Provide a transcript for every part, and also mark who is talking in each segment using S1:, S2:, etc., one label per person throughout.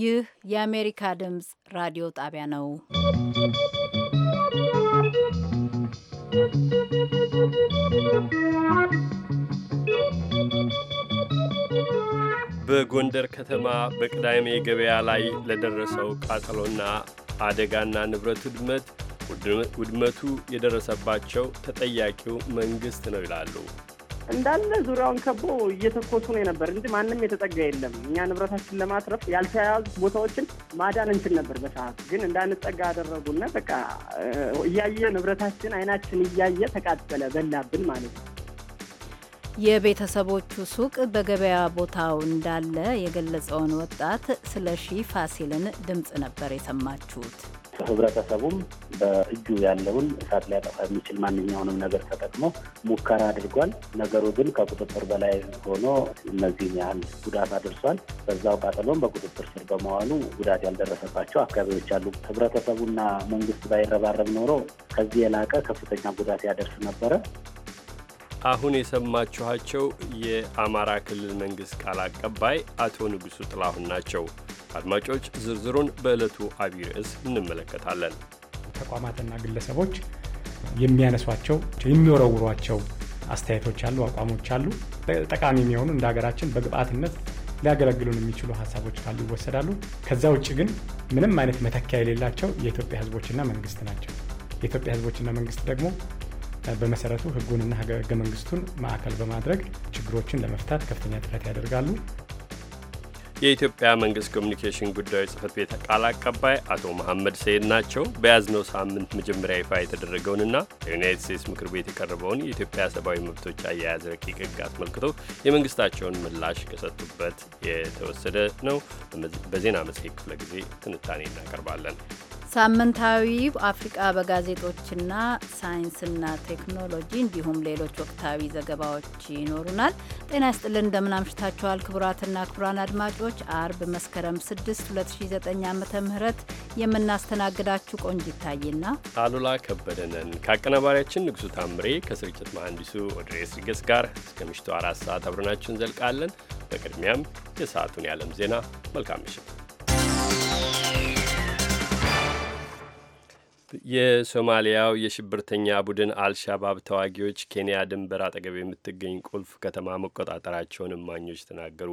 S1: ይህ የአሜሪካ ድምፅ ራዲዮ ጣቢያ ነው።
S2: በጎንደር ከተማ በቅዳሜ ገበያ ላይ ለደረሰው ቃጠሎና አደጋና ንብረት ውድመት ውድመቱ የደረሰባቸው ተጠያቂው መንግስት ነው ይላሉ።
S3: እንዳለ ዙሪያውን ከቦ እየተኮሱ ነው የነበር እንጂ ማንም የተጠጋ የለም። እኛ ንብረታችን ለማትረፍ ያልተያያዙ ቦታዎችን ማዳን እንችል ነበር። በሰዓት ግን እንዳንጠጋ አደረጉና በቃ እያየ ንብረታችን አይናችን እያየ ተቃጠለ፣ በላብን ማለት ነው።
S1: የቤተሰቦቹ ሱቅ በገበያ ቦታው እንዳለ የገለጸውን ወጣት ስለሺ ፋሲልን ድምፅ ነበር የሰማችሁት።
S4: ህብረተሰቡም በእጁ ያለውን እሳት ሊያጠፋ የሚችል ማንኛውንም ነገር ተጠቅሞ ሙከራ አድርጓል። ነገሩ ግን ከቁጥጥር በላይ ሆኖ እነዚህን ያህል ጉዳት አድርሷል። በዛው ቃጠሎም በቁጥጥር ስር በመዋሉ ጉዳት ያልደረሰባቸው አካባቢዎች አሉ። ህብረተሰቡና መንግስት ባይረባረብ ኖሮ ከዚህ የላቀ ከፍተኛ ጉዳት ያደርስ ነበረ።
S2: አሁን የሰማችኋቸው የአማራ ክልል መንግስት ቃል አቀባይ አቶ ንጉሱ ጥላሁን ናቸው። አድማጮች ዝርዝሩን በዕለቱ አብይ ርዕስ እንመለከታለን።
S5: ተቋማትና ግለሰቦች የሚያነሷቸው የሚወረውሯቸው አስተያየቶች አሉ፣ አቋሞች አሉ። ጠቃሚ የሚሆኑ እንደ ሀገራችን በግብአትነት ሊያገለግሉን የሚችሉ ሀሳቦች ካሉ ይወሰዳሉ። ከዛ ውጭ ግን ምንም አይነት መተኪያ የሌላቸው የኢትዮጵያ ህዝቦችና መንግስት ናቸው። የኢትዮጵያ ህዝቦችና መንግስት ደግሞ በመሰረቱ ህጉንና ህገ መንግስቱን ማዕከል በማድረግ ችግሮችን ለመፍታት ከፍተኛ ጥረት ያደርጋሉ።
S2: የኢትዮጵያ መንግስት ኮሚኒኬሽን ጉዳዮች ጽህፈት ቤት ቃል አቀባይ አቶ መሐመድ ሰይድ ናቸው። በያዝነው ሳምንት መጀመሪያ ይፋ የተደረገውንና ለዩናይትድ ስቴትስ ምክር ቤት የቀረበውን የኢትዮጵያ ሰብአዊ መብቶች አያያዝ ረቂቅ ህግ አስመልክቶ የመንግስታቸውን ምላሽ ከሰጡበት የተወሰደ ነው። በዜና መጽሔት ክፍለ ጊዜ ትንታኔ እናቀርባለን።
S1: ሳምንታዊው አፍሪቃ በጋዜጦችና ሳይንስና ቴክኖሎጂ እንዲሁም ሌሎች ወቅታዊ ዘገባዎች ይኖሩናል። ጤና ይስጥልን፣ እንደምናምሽታችኋል ክቡራትና ክቡራን አድማጮች። አርብ መስከረም 6 2009 ዓ ም የምናስተናግዳችሁ ቆንጅ ይታይና
S2: አሉላ ከበደነን ከአቀናባሪያችን ንጉሱ ታምሬ ከስርጭት መሐንዲሱ ኦድሬስ ርገስ ጋር እስከ ምሽቱ አራት ሰዓት አብረናችሁ እንዘልቃለን። በቅድሚያም የሰዓቱን የዓለም ዜና። መልካም ምሽት። የሶማሊያው የሽብርተኛ ቡድን አልሻባብ ተዋጊዎች ኬንያ ድንበር አጠገብ የምትገኝ ቁልፍ ከተማ መቆጣጠራቸውን እማኞች ተናገሩ።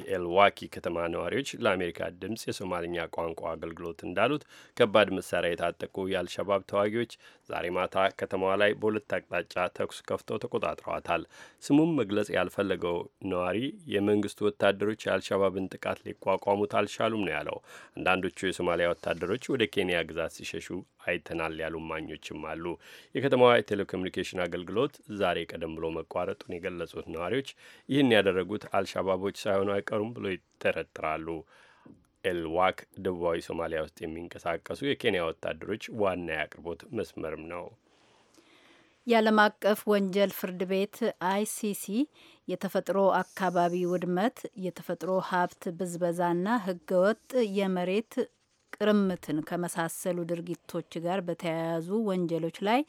S2: የኤልዋኪ ከተማ ነዋሪዎች ለአሜሪካ ድምፅ የሶማልኛ ቋንቋ አገልግሎት እንዳሉት ከባድ መሳሪያ የታጠቁ የአልሸባብ ተዋጊዎች ዛሬ ማታ ከተማዋ ላይ በሁለት አቅጣጫ ተኩስ ከፍተው ተቆጣጥረዋታል። ስሙም መግለጽ ያልፈለገው ነዋሪ የመንግስቱ ወታደሮች የአልሸባብን ጥቃት ሊቋቋሙት አልቻሉም ነው ያለው። አንዳንዶቹ የሶማሊያ ወታደሮች ወደ ኬንያ ግዛት ሲሸሹ አይተናል ያሉ ማኞችም አሉ። የከተማዋ የቴሌኮሚኒኬሽን አገልግሎት ዛሬ ቀደም ብሎ መቋረጡን የገለጹት ነዋሪዎች ይህን ያደረጉት አልሻባቦች ሳይሆኑ አይቀሩም ብሎ ይጠረጥራሉ። ኤልዋክ ደቡባዊ ሶማሊያ ውስጥ የሚንቀሳቀሱ የኬንያ ወታደሮች ዋና የአቅርቦት መስመርም ነው።
S1: የዓለም አቀፍ ወንጀል ፍርድ ቤት አይሲሲ የተፈጥሮ አካባቢ ውድመት፣ የተፈጥሮ ሀብት ብዝበዛና ህገወጥ የመሬት ቅርምትን ከመሳሰሉ ድርጊቶች ጋር በተያያዙ ወንጀሎች ላይ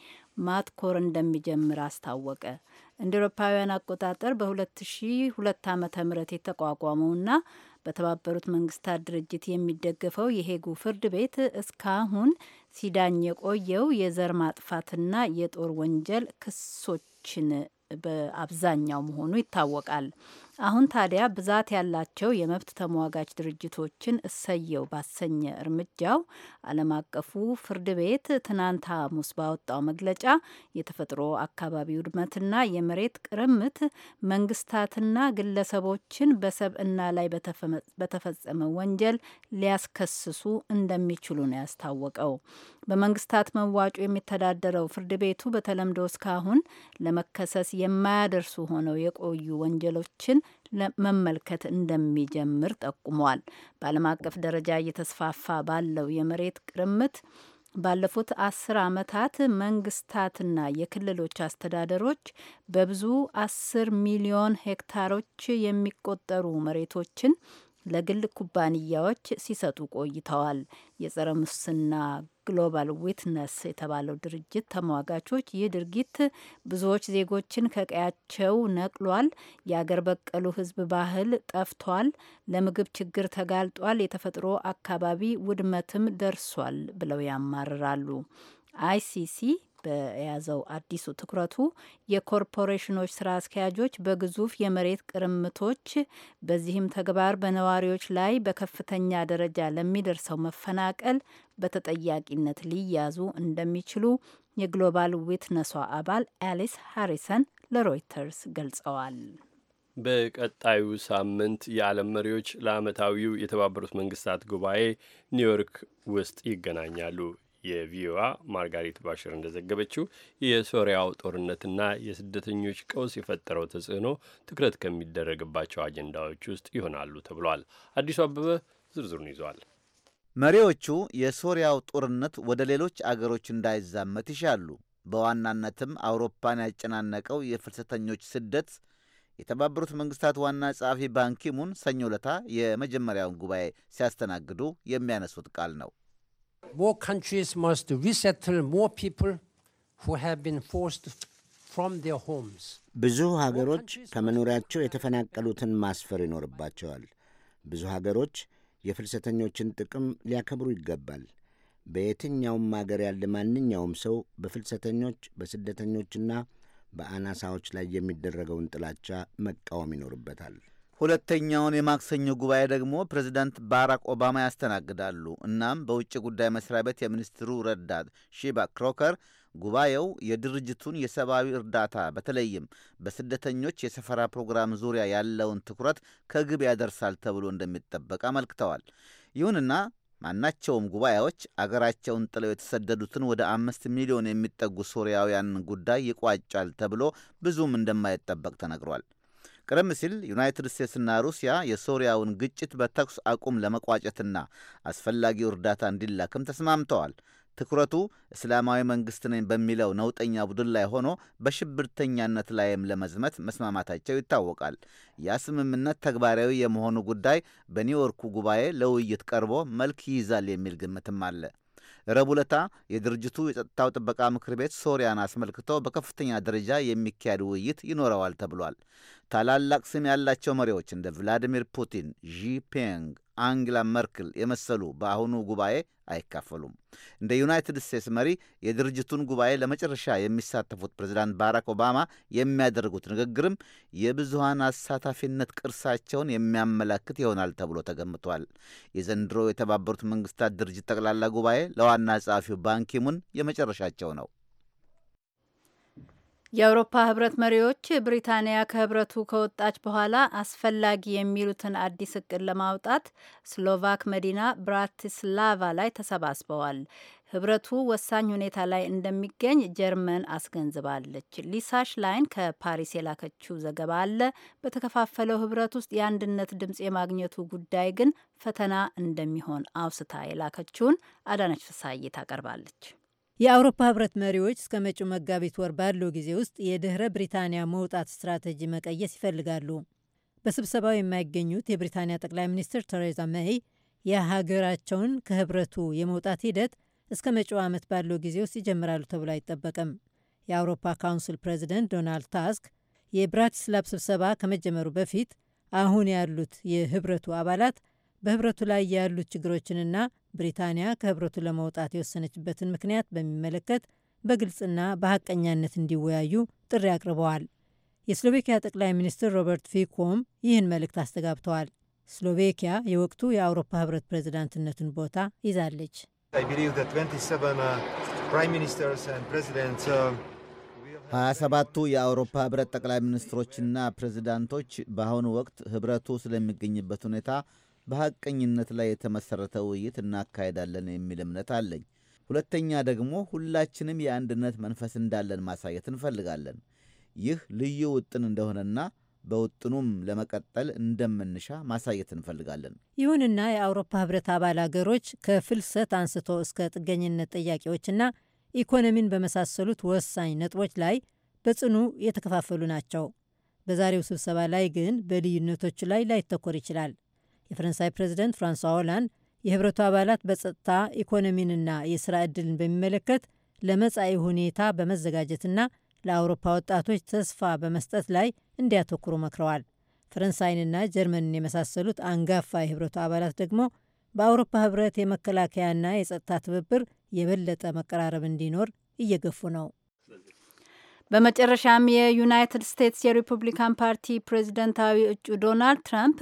S1: ማትኮር እንደሚጀምር አስታወቀ። እንደ ኤሮፓውያን አቆጣጠር በ2002 ዓ ም የተቋቋመውና በተባበሩት መንግስታት ድርጅት የሚደገፈው የሄጉ ፍርድ ቤት እስካሁን ሲዳኝ የቆየው የዘር ማጥፋትና የጦር ወንጀል ክሶችን በአብዛኛው መሆኑ ይታወቃል። አሁን ታዲያ ብዛት ያላቸው የመብት ተሟጋች ድርጅቶችን እሰየው ባሰኘ እርምጃው ዓለም አቀፉ ፍርድ ቤት ትናንት ሐሙስ ባወጣው መግለጫ የተፈጥሮ አካባቢ ውድመትና የመሬት ቅርምት መንግስታትና ግለሰቦችን በሰብዕና ላይ በተፈጸመ ወንጀል ሊያስከስሱ እንደሚችሉ ነው ያስታወቀው። በመንግስታት መዋጮ የሚተዳደረው ፍርድ ቤቱ በተለምዶ እስካሁን ለመከሰስ የማያደርሱ ሆነው የቆዩ ወንጀሎችን መመልከት እንደሚጀምር ጠቁሟል። በዓለም አቀፍ ደረጃ እየተስፋፋ ባለው የመሬት ቅርምት ባለፉት አስር ዓመታት መንግስታትና የክልሎች አስተዳደሮች በብዙ አስር ሚሊዮን ሄክታሮች የሚቆጠሩ መሬቶችን ለግል ኩባንያዎች ሲሰጡ ቆይተዋል። የጸረ ሙስና ግሎባል ዊትነስ የተባለው ድርጅት ተሟጋቾች ይህ ድርጊት ብዙዎች ዜጎችን ከቀያቸው ነቅሏል፣ የአገር በቀሉ ሕዝብ ባህል ጠፍቷል፣ ለምግብ ችግር ተጋልጧል፣ የተፈጥሮ አካባቢ ውድመትም ደርሷል ብለው ያማርራሉ። አይሲሲ በያዘው አዲሱ ትኩረቱ የኮርፖሬሽኖች ስራ አስኪያጆች በግዙፍ የመሬት ቅርምቶች በዚህም ተግባር በነዋሪዎች ላይ በከፍተኛ ደረጃ ለሚደርሰው መፈናቀል በተጠያቂነት ሊያዙ እንደሚችሉ የግሎባል ዊትነሷ አባል አሊስ ሃሪሰን ለሮይተርስ ገልጸዋል።
S2: በቀጣዩ ሳምንት የዓለም መሪዎች ለዓመታዊው የተባበሩት መንግስታት ጉባኤ ኒውዮርክ ውስጥ ይገናኛሉ። የቪዮዋ ማርጋሪት ባሽር እንደዘገበችው የሶሪያው ጦርነትና የስደተኞች ቀውስ የፈጠረው ተጽዕኖ ትኩረት ከሚደረግባቸው አጀንዳዎች ውስጥ ይሆናሉ ተብሏል። አዲሱ አበበ ዝርዝሩን ይዟል።
S6: መሪዎቹ የሶሪያው ጦርነት ወደ ሌሎች አገሮች እንዳይዛመት ይሻሉ። በዋናነትም አውሮፓን ያጨናነቀው የፍልሰተኞች ስደት የተባበሩት መንግስታት ዋና ጸሐፊ ባንኪሙን ሰኞ ለታ የመጀመሪያውን ጉባኤ ሲያስተናግዱ የሚያነሱት ቃል ነው።
S4: More countries must resettle more people who have been forced from their homes.
S6: ብዙ ሀገሮች ከመኖሪያቸው የተፈናቀሉትን ማስፈር ይኖርባቸዋል። ብዙ ሀገሮች የፍልሰተኞችን ጥቅም ሊያከብሩ ይገባል። በየትኛውም አገር ያለ ማንኛውም ሰው በፍልሰተኞች በስደተኞችና በአናሳዎች ላይ የሚደረገውን ጥላቻ መቃወም ይኖርበታል። ሁለተኛውን የማክሰኞ ጉባኤ ደግሞ ፕሬዚዳንት ባራክ ኦባማ ያስተናግዳሉ። እናም በውጭ ጉዳይ መስሪያ ቤት የሚኒስትሩ ረዳት ሺባ ክሮከር ጉባኤው የድርጅቱን የሰብአዊ እርዳታ በተለይም በስደተኞች የሰፈራ ፕሮግራም ዙሪያ ያለውን ትኩረት ከግብ ያደርሳል ተብሎ እንደሚጠበቅ አመልክተዋል። ይሁንና ማናቸውም ጉባኤዎች አገራቸውን ጥለው የተሰደዱትን ወደ አምስት ሚሊዮን የሚጠጉ ሶሪያውያን ጉዳይ ይቋጫል ተብሎ ብዙም እንደማይጠበቅ ተነግሯል። ቀደም ሲል ዩናይትድ ስቴትስና ሩሲያ የሶሪያውን ግጭት በተኩስ አቁም ለመቋጨትና አስፈላጊው እርዳታ እንዲላክም ተስማምተዋል። ትኩረቱ እስላማዊ መንግስት ነኝ በሚለው ነውጠኛ ቡድን ላይ ሆኖ በሽብርተኛነት ላይም ለመዝመት መስማማታቸው ይታወቃል። ያ ስምምነት ተግባራዊ የመሆኑ ጉዳይ በኒውዮርኩ ጉባኤ ለውይይት ቀርቦ መልክ ይይዛል የሚል ግምትም አለ። ረቡዕ ዕለት የድርጅቱ የጸጥታው ጥበቃ ምክር ቤት ሶሪያን አስመልክቶ በከፍተኛ ደረጃ የሚካሄድ ውይይት ይኖረዋል ተብሏል። ታላላቅ ስም ያላቸው መሪዎች እንደ ቭላዲሚር ፑቲን፣ ዢፒንግ፣ አንግላ መርክል የመሰሉ በአሁኑ ጉባኤ አይካፈሉም። እንደ ዩናይትድ ስቴትስ መሪ የድርጅቱን ጉባኤ ለመጨረሻ የሚሳተፉት ፕሬዚዳንት ባራክ ኦባማ የሚያደርጉት ንግግርም የብዙሃን አሳታፊነት ቅርሳቸውን የሚያመላክት ይሆናል ተብሎ ተገምቷል። የዘንድሮ የተባበሩት መንግስታት ድርጅት ጠቅላላ ጉባኤ ለዋና ጸሐፊው ባንኪሙን የመጨረሻቸው ነው።
S1: የአውሮፓ ህብረት መሪዎች ብሪታንያ ከህብረቱ ከወጣች በኋላ አስፈላጊ የሚሉትን አዲስ እቅድ ለማውጣት ስሎቫክ መዲና ብራቲስላቫ ላይ ተሰባስበዋል። ህብረቱ ወሳኝ ሁኔታ ላይ እንደሚገኝ ጀርመን አስገንዝባለች። ሊሳሽ ላይን ከፓሪስ የላከችው ዘገባ አለ። በተከፋፈለው ህብረት ውስጥ የአንድነት ድምፅ የማግኘቱ ጉዳይ ግን ፈተና እንደሚሆን አውስታ የላከችውን አዳነች ፍሳይ ታቀርባለች።
S7: የአውሮፓ ህብረት መሪዎች እስከ መጪው መጋቢት ወር ባለው ጊዜ ውስጥ የድህረ ብሪታንያ መውጣት ስትራቴጂ መቀየስ ይፈልጋሉ። በስብሰባው የማይገኙት የብሪታንያ ጠቅላይ ሚኒስትር ተሬዛ ሜይ የሀገራቸውን ከህብረቱ የመውጣት ሂደት እስከ መጪው ዓመት ባለው ጊዜ ውስጥ ይጀምራሉ ተብሎ አይጠበቅም። የአውሮፓ ካውንስል ፕሬዚደንት ዶናልድ ታስክ የብራቲስላቭ ስብሰባ ከመጀመሩ በፊት አሁን ያሉት የህብረቱ አባላት በህብረቱ ላይ ያሉ ችግሮችንና ብሪታንያ ከህብረቱ ለመውጣት የወሰነችበትን ምክንያት በሚመለከት በግልጽና በሐቀኛነት እንዲወያዩ ጥሪ አቅርበዋል። የስሎቬኪያ ጠቅላይ ሚኒስትር ሮበርት ፊኮም ይህን መልእክት አስተጋብተዋል። ስሎቬኪያ የወቅቱ የአውሮፓ ህብረት ፕሬዝዳንትነትን ቦታ ይዛለች።
S8: uh, uh,
S6: ሀያ ሰባቱ የአውሮፓ ህብረት ጠቅላይ ሚኒስትሮችና ፕሬዝዳንቶች በአሁኑ ወቅት ህብረቱ ስለሚገኝበት ሁኔታ በሐቀኝነት ላይ የተመሠረተ ውይይት እናካሄዳለን የሚል እምነት አለኝ። ሁለተኛ ደግሞ ሁላችንም የአንድነት መንፈስ እንዳለን ማሳየት እንፈልጋለን። ይህ ልዩ ውጥን እንደሆነና በውጥኑም ለመቀጠል እንደምንሻ ማሳየት እንፈልጋለን።
S7: ይሁንና የአውሮፓ ህብረት አባል አገሮች ከፍልሰት አንስቶ እስከ ጥገኝነት ጥያቄዎችና ኢኮኖሚን በመሳሰሉት ወሳኝ ነጥቦች ላይ በጽኑ የተከፋፈሉ ናቸው። በዛሬው ስብሰባ ላይ ግን በልዩነቶች ላይ ላይተኮር ይችላል። የፈረንሳይ ፕሬዚደንት ፍራንሷ ሆላንድ የህብረቱ አባላት በጸጥታ ኢኮኖሚንና የስራ ዕድልን በሚመለከት ለመጻኢ ሁኔታ በመዘጋጀትና ለአውሮፓ ወጣቶች ተስፋ በመስጠት ላይ እንዲያተኩሩ መክረዋል። ፈረንሳይንና ጀርመንን የመሳሰሉት አንጋፋ የህብረቱ አባላት ደግሞ በአውሮፓ ህብረት የመከላከያና የጸጥታ ትብብር የበለጠ መቀራረብ እንዲኖር እየገፉ ነው። በመጨረሻም የዩናይትድ ስቴትስ የሪፑብሊካን ፓርቲ ፕሬዝደንታዊ
S1: እጩ ዶናልድ ትራምፕ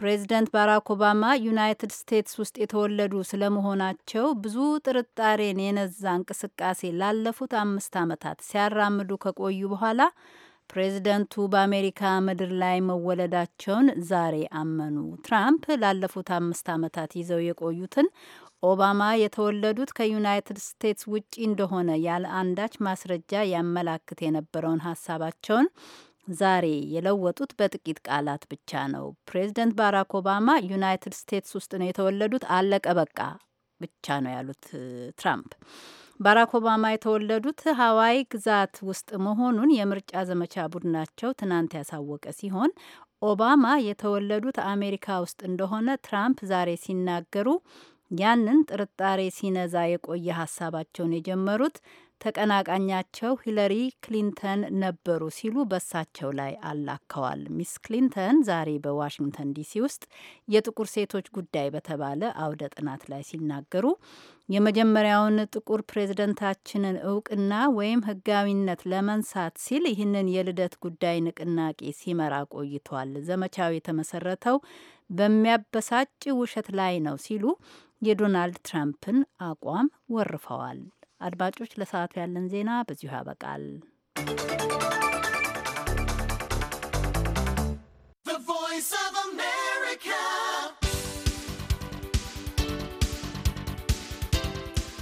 S1: ፕሬዝደንት ባራክ ኦባማ ዩናይትድ ስቴትስ ውስጥ የተወለዱ ስለመሆናቸው ብዙ ጥርጣሬን የነዛ እንቅስቃሴ ላለፉት አምስት ዓመታት ሲያራምዱ ከቆዩ በኋላ ፕሬዝደንቱ በአሜሪካ ምድር ላይ መወለዳቸውን ዛሬ አመኑ። ትራምፕ ላለፉት አምስት ዓመታት ይዘው የቆዩትን ኦባማ የተወለዱት ከዩናይትድ ስቴትስ ውጪ እንደሆነ ያለ አንዳች ማስረጃ ያመላክት የነበረውን ሀሳባቸውን ዛሬ የለወጡት በጥቂት ቃላት ብቻ ነው። ፕሬዚደንት ባራክ ኦባማ ዩናይትድ ስቴትስ ውስጥ ነው የተወለዱት፣ አለቀ በቃ ብቻ ነው ያሉት ትራምፕ። ባራክ ኦባማ የተወለዱት ሀዋይ ግዛት ውስጥ መሆኑን የምርጫ ዘመቻ ቡድናቸው ትናንት ያሳወቀ ሲሆን ኦባማ የተወለዱት አሜሪካ ውስጥ እንደሆነ ትራምፕ ዛሬ ሲናገሩ ያንን ጥርጣሬ ሲነዛ የቆየ ሀሳባቸውን የጀመሩት ተቀናቃኛቸው ሂለሪ ክሊንተን ነበሩ ሲሉ በሳቸው ላይ አላከዋል። ሚስ ክሊንተን ዛሬ በዋሽንግተን ዲሲ ውስጥ የጥቁር ሴቶች ጉዳይ በተባለ አውደ ጥናት ላይ ሲናገሩ የመጀመሪያውን ጥቁር ፕሬዝደንታችንን እውቅና ወይም ሕጋዊነት ለመንሳት ሲል ይህንን የልደት ጉዳይ ንቅናቄ ሲመራ ቆይቷል። ዘመቻው የተመሰረተው በሚያበሳጭ ውሸት ላይ ነው ሲሉ የዶናልድ ትራምፕን አቋም ወርፈዋል። አድማጮች፣ ለሰዓቱ ያለን ዜና በዚሁ ያበቃል።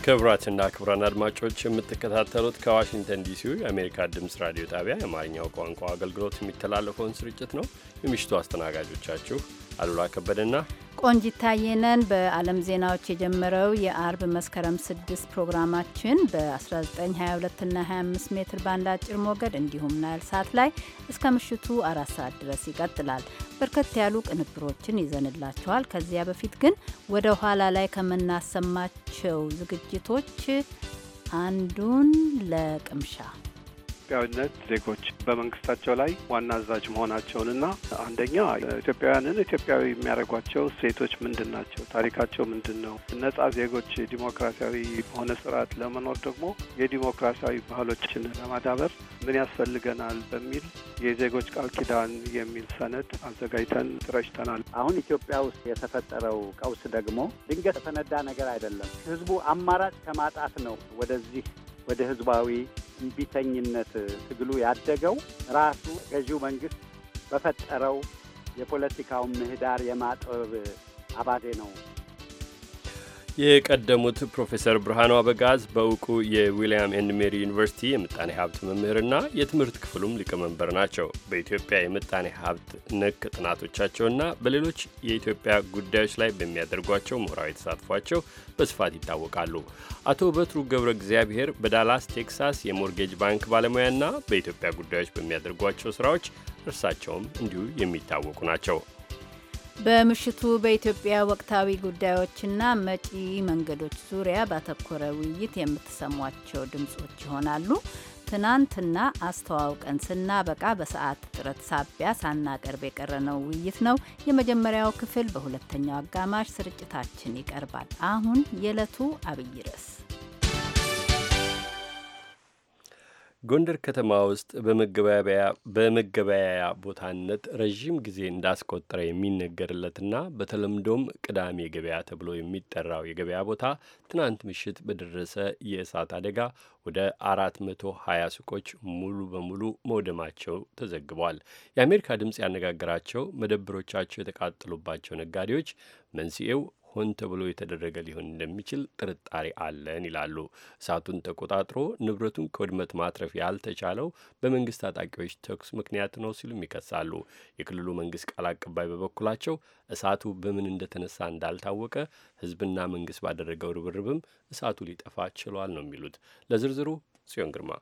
S2: ክቡራትና ክቡራን አድማጮች የምትከታተሉት ከዋሽንግተን ዲሲ የአሜሪካ ድምፅ ራዲዮ ጣቢያ የአማርኛው ቋንቋ አገልግሎት የሚተላለፈውን ስርጭት ነው። የምሽቱ አስተናጋጆቻችሁ አሉላ ከበደና
S1: ቆንጂት ታየነን በዓለም ዜናዎች የጀመረው የአርብ መስከረም 6 ፕሮግራማችን በ 1922 እና 25 ሜትር ባንድ አጭር ሞገድ እንዲሁም ናይል ሳት ላይ እስከ ምሽቱ አራት ሰዓት ድረስ ይቀጥላል። በርከት ያሉ ቅንብሮችን ይዘንላችኋል። ከዚያ በፊት ግን ወደ ኋላ ላይ ከምናሰማቸው ዝግጅቶች አንዱን ለቅምሻ
S9: ኢትዮጵያዊነት ዜጎች በመንግስታቸው ላይ ዋና አዛዥ መሆናቸውንና አንደኛ ኢትዮጵያውያንን ኢትዮጵያዊ የሚያደርጓቸው ሴቶች ምንድን ናቸው? ታሪካቸው ምንድን ነው? ነጻ ዜጎች ዲሞክራሲያዊ በሆነ ስርዓት ለመኖር ደግሞ የዲሞክራሲያዊ ባህሎችን ለማዳበር ምን ያስፈልገናል? በሚል የዜጎች ቃል ኪዳን የሚል ሰነድ አዘጋጅተን ትረጭተናል። አሁን ኢትዮጵያ ውስጥ የተፈጠረው ቀውስ ደግሞ ድንገት
S10: የተነዳ ነገር አይደለም። ህዝቡ አማራጭ ከማጣት ነው ወደዚህ ወደ ህዝባዊ እምቢተኝነት ትግሉ ያደገው ራሱ ገዢው መንግስት በፈጠረው የፖለቲካውን ምህዳር የማጥበብ አባዜ ነው።
S2: የቀደሙት ፕሮፌሰር ብርሃኑ አበጋዝ በእውቁ የዊልያም ኤንድ ሜሪ ዩኒቨርሲቲ የምጣኔ ሀብት መምህርና የትምህርት ክፍሉም ሊቀመንበር ናቸው። በኢትዮጵያ የምጣኔ ሀብት ነክ ጥናቶቻቸውና በሌሎች የኢትዮጵያ ጉዳዮች ላይ በሚያደርጓቸው ምሁራዊ ተሳትፏቸው በስፋት ይታወቃሉ። አቶ በትሩ ገብረ እግዚአብሔር በዳላስ ቴክሳስ የሞርጌጅ ባንክ ባለሙያና በኢትዮጵያ ጉዳዮች በሚያደርጓቸው ስራዎች እርሳቸውም እንዲሁ የሚታወቁ ናቸው።
S1: በምሽቱ በኢትዮጵያ ወቅታዊ ጉዳዮችና መጪ መንገዶች ዙሪያ ባተኮረ ውይይት የምትሰሟቸው ድምጾች ይሆናሉ። ትናንትና አስተዋውቀን ስናበቃ በሰዓት እጥረት ሳቢያ ሳናቀርብ የቀረነው ውይይት ነው። የመጀመሪያው ክፍል በሁለተኛው አጋማሽ ስርጭታችን ይቀርባል። አሁን የዕለቱ አብይ ርዕስ
S2: ጎንደር ከተማ ውስጥ በመገበያያ ቦታነት ረዥም ጊዜ እንዳስቆጠረ የሚነገርለትና በተለምዶም ቅዳሜ ገበያ ተብሎ የሚጠራው የገበያ ቦታ ትናንት ምሽት በደረሰ የእሳት አደጋ ወደ አራት መቶ ሀያ ሱቆች ሙሉ በሙሉ መውደማቸው ተዘግቧል። የአሜሪካ ድምፅ ያነጋገራቸው መደብሮቻቸው የተቃጠሉባቸው ነጋዴዎች መንስኤው ሆን ተብሎ የተደረገ ሊሆን እንደሚችል ጥርጣሬ አለን ይላሉ። እሳቱን ተቆጣጥሮ ንብረቱን ከውድመት ማትረፍ ያልተቻለው በመንግስት ታጣቂዎች ተኩስ ምክንያት ነው ሲሉም ይከሳሉ። የክልሉ መንግስት ቃል አቀባይ በበኩላቸው እሳቱ በምን እንደተነሳ እንዳልታወቀ ህዝብና መንግስት ባደረገው ርብርብም እሳቱ ሊጠፋ ችሏል ነው የሚሉት። ለዝርዝሩ ጽዮን ግርማ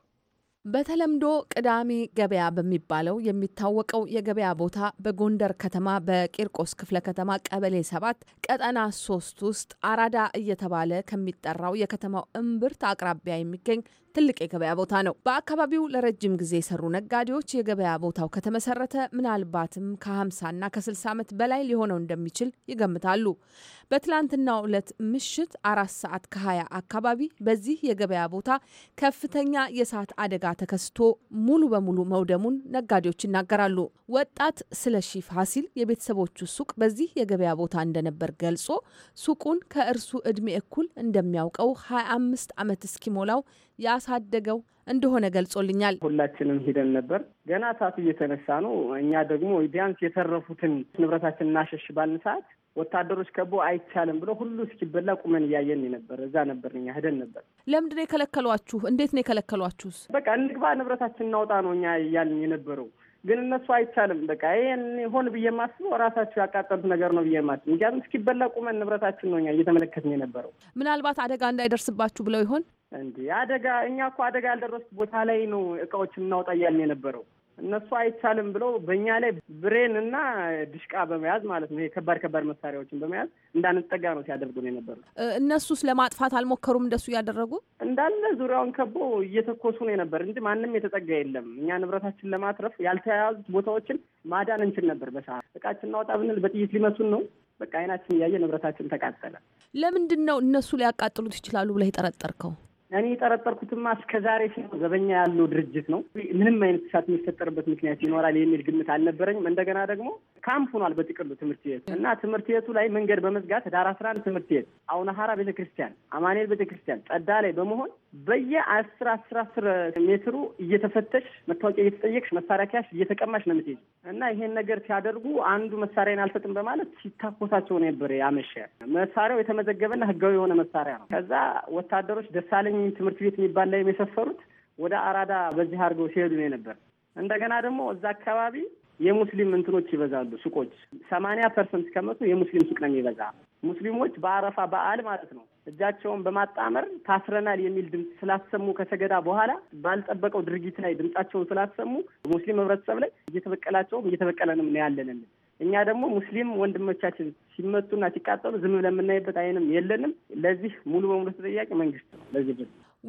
S11: በተለምዶ ቅዳሜ ገበያ በሚባለው የሚታወቀው የገበያ ቦታ በጎንደር ከተማ በቂርቆስ ክፍለ ከተማ ቀበሌ ሰባት ቀጠና ሶስት ውስጥ አራዳ እየተባለ ከሚጠራው የከተማው እምብርት አቅራቢያ የሚገኝ ትልቅ የገበያ ቦታ ነው። በአካባቢው ለረጅም ጊዜ የሰሩ ነጋዴዎች የገበያ ቦታው ከተመሰረተ ምናልባትም ከ50ና ከ60 ዓመት በላይ ሊሆነው እንደሚችል ይገምታሉ። በትላንትናው ዕለት ምሽት አራት ሰዓት ከ20 አካባቢ በዚህ የገበያ ቦታ ከፍተኛ የእሳት አደጋ ተከስቶ ሙሉ በሙሉ መውደሙን ነጋዴዎች ይናገራሉ። ወጣት ስለሺ ፋሲል የቤተሰቦቹ ሱቅ በዚህ የገበያ ቦታ እንደነበር ገልጾ ሱቁን ከእርሱ እድሜ እኩል እንደሚያውቀው 25 ዓመት እስኪሞላው ያሳደገው እንደሆነ ገልጾልኛል። ሁላችንም ሂደን ነበር።
S3: ገና እሳቱ እየተነሳ ነው። እኛ ደግሞ ቢያንስ የተረፉትን ንብረታችን እናሸሽ ባልን ሰዓት ወታደሮች ከቦ አይቻልም ብሎ ሁሉ እስኪበላ ቁመን እያየን ነበር። እዛ ነበር እኛ ሄደን ነበር።
S11: ለምንድን ነው የከለከሏችሁ? እንዴት ነው የከለከሏችሁስ?
S3: በቃ እንግባ፣ ንብረታችን እናውጣ ነው እኛ እያልን የነበረው ግን እነሱ አይቻልም። በቃ ይህን ሆን ብዬ የማስበው ራሳቸው ያቃጠሉት ነገር ነው ብዬ ማስብ። ምክንያቱም እስኪበላ ቁመን ንብረታችን ነው እኛ እየተመለከትን የነበረው።
S11: ምናልባት አደጋ እንዳይደርስባችሁ ብለው ይሆን እንዲህ አደጋ እኛ እኮ አደጋ ያልደረሱት ቦታ
S3: ላይ ነው እቃዎች እናውጣ እያልን የነበረው እነሱ አይቻልም ብለው በእኛ ላይ ብሬን እና ድሽቃ በመያዝ ማለት ነው የከባድ ከባድ መሳሪያዎችን በመያዝ እንዳንጠጋ ነው ሲያደርጉ ነው የነበሩት።
S11: እነሱስ ለማጥፋት አልሞከሩም። እንደሱ እያደረጉ እንዳለ ዙሪያውን ከቦ እየተኮሱ ነው የነበር
S3: እንጂ ማንም የተጠጋ የለም። እኛ ንብረታችን ለማትረፍ ያልተያያዙት ቦታዎችን ማዳን እንችል ነበር። በሰዓት እቃችን እናወጣ ብንል በጥይት ሊመቱን ነው። በቃ አይናችን እያየ ንብረታችን ተቃጠለ።
S11: ለምንድን ነው እነሱ ሊያቃጥሉት ይችላሉ ብለህ የጠረጠርከው?
S3: እኔ የጠረጠርኩትማ እስከ ዛሬ ሲሆን ዘበኛ ያለው ድርጅት ነው። ምንም አይነት እሳት የሚፈጠርበት ምክንያት ይኖራል የሚል ግምት አልነበረኝም። እንደገና ደግሞ ካምፕ ሆኗል በጥቅሉ ትምህርት ቤት እና ትምህርት ቤቱ ላይ መንገድ በመዝጋት ዳር አስራ አንድ ትምህርት ቤት አቡነ ሀራ ቤተክርስቲያን፣ አማኔል ቤተክርስቲያን፣ ጸዳ ላይ በመሆን በየ አስር አስር አስር ሜትሩ እየተፈተሽ መታወቂያ እየተጠየቅሽ መሳሪያ ከያሽ እየተቀማሽ ነው የምትሄጂው እና ይሄን ነገር ሲያደርጉ አንዱ መሳሪያን አልሰጥም በማለት ሲታኮሳቸው ነበር ያመሸ። መሳሪያው የተመዘገበና ህጋዊ የሆነ መሳሪያ ነው። ከዛ ወታደሮች ደሳለኝ ትምህርት ቤት የሚባል ላይ የሰፈሩት ወደ አራዳ በዚህ አድርገው ሲሄዱ ነው የነበር። እንደገና ደግሞ እዛ አካባቢ የሙስሊም እንትኖች ይበዛሉ ሱቆች። ሰማንያ ፐርሰንት ከመቶ የሙስሊም ሱቅ ነው የሚበዛ። ሙስሊሞች በአረፋ በዓል ማለት ነው እጃቸውን በማጣመር ታስረናል የሚል ድምፅ ስላሰሙ ከሰገዳ በኋላ ባልጠበቀው ድርጊት ላይ ድምጻቸውን ስላሰሙ ሙስሊም ህብረተሰብ ላይ እየተበቀላቸውም እየተበቀለንም ነው ያለንን። እኛ ደግሞ ሙስሊም ወንድሞቻችን ሲመቱና ሲቃጠሉ ዝም ብለን የምናይበት አይንም የለንም። ለዚህ ሙሉ በሙሉ ተጠያቂ መንግስት ነው። ለዚህ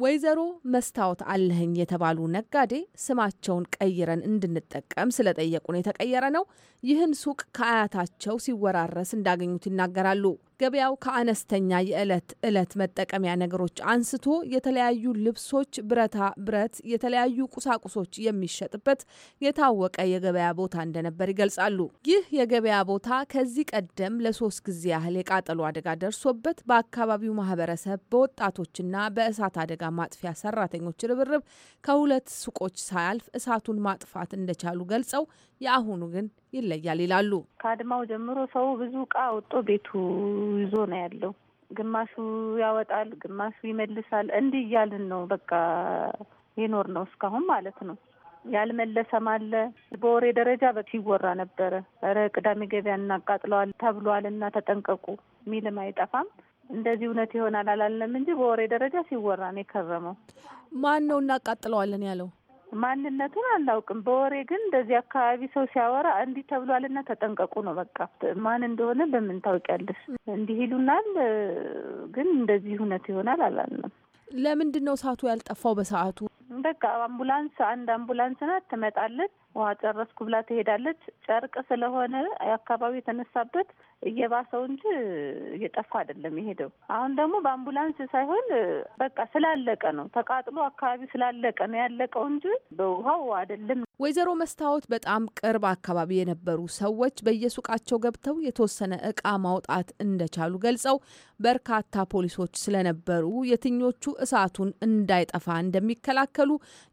S11: ወይዘሮ መስታወት አለህኝ የተባሉ ነጋዴ ስማቸውን ቀይረን እንድንጠቀም ስለጠየቁን የተቀየረ ነው። ይህን ሱቅ ከአያታቸው ሲወራረስ እንዳገኙት ይናገራሉ። ገበያው ከአነስተኛ የዕለት ዕለት መጠቀሚያ ነገሮች አንስቶ የተለያዩ ልብሶች፣ ብረታ ብረት፣ የተለያዩ ቁሳቁሶች የሚሸጥበት የታወቀ የገበያ ቦታ እንደነበር ይገልጻሉ። ይህ የገበያ ቦታ ከዚህ ቀደም ለሶስት ጊዜ ያህል የቃጠሎ አደጋ ደርሶበት በአካባቢው ማህበረሰብ በወጣቶችና በእሳት አደጋ ማጥፊያ ሰራተኞች ርብርብ ከሁለት ሱቆች ሳያልፍ እሳቱን ማጥፋት እንደቻሉ ገልጸው የአሁኑ ግን ይለያል
S12: ይላሉ። ከአድማው ጀምሮ ሰው ብዙ እቃ ወጦ ቤቱ ይዞ ነው ያለው። ግማሹ ያወጣል፣ ግማሹ ይመልሳል። እንዲህ እያልን ነው በቃ የኖር ነው እስካሁን ማለት ነው። ያልመለሰም አለ። በወሬ ደረጃ ሲወራ ነበረ። ኧረ ቅዳሜ ገበያ እናቃጥለዋል ተብሏል እና ተጠንቀቁ ሚልም አይጠፋም። እንደዚህ እውነት ይሆናል አላለም እንጂ በወሬ ደረጃ ሲወራ ነው የከረመው። ማን ነው እናቃጥለዋለን ያለው? ማንነቱን አናውቅም። በወሬ ግን እንደዚህ አካባቢ ሰው ሲያወራ እንዲህ ተብሏልና ተጠንቀቁ ነው በቃ። ማን እንደሆነ በምን ታውቂያለሽ? እንዲህ ይሉናል፣ ግን እንደዚህ እውነት ይሆናል አላልንም። ለምንድን ነው እሳቱ ያልጠፋው በሰዓቱ? በቃ አምቡላንስ አንድ አምቡላንስ ናት ትመጣለች ውሃ ጨረስኩ ብላ ትሄዳለች። ጨርቅ ስለሆነ አካባቢ የተነሳበት እየባሰው እንጂ እየጠፋ አይደለም የሄደው። አሁን ደግሞ በአምቡላንስ ሳይሆን በቃ ስላለቀ ነው፣ ተቃጥሎ አካባቢ ስላለቀ ነው ያለቀው እንጂ በውሃው አይደለም።
S11: ወይዘሮ መስታወት በጣም ቅርብ አካባቢ የነበሩ ሰዎች በየሱቃቸው ገብተው የተወሰነ እቃ ማውጣት እንደቻሉ ገልጸው በርካታ ፖሊሶች ስለነበሩ የትኞቹ እሳቱን እንዳይጠፋ እንደሚከላከሉ፣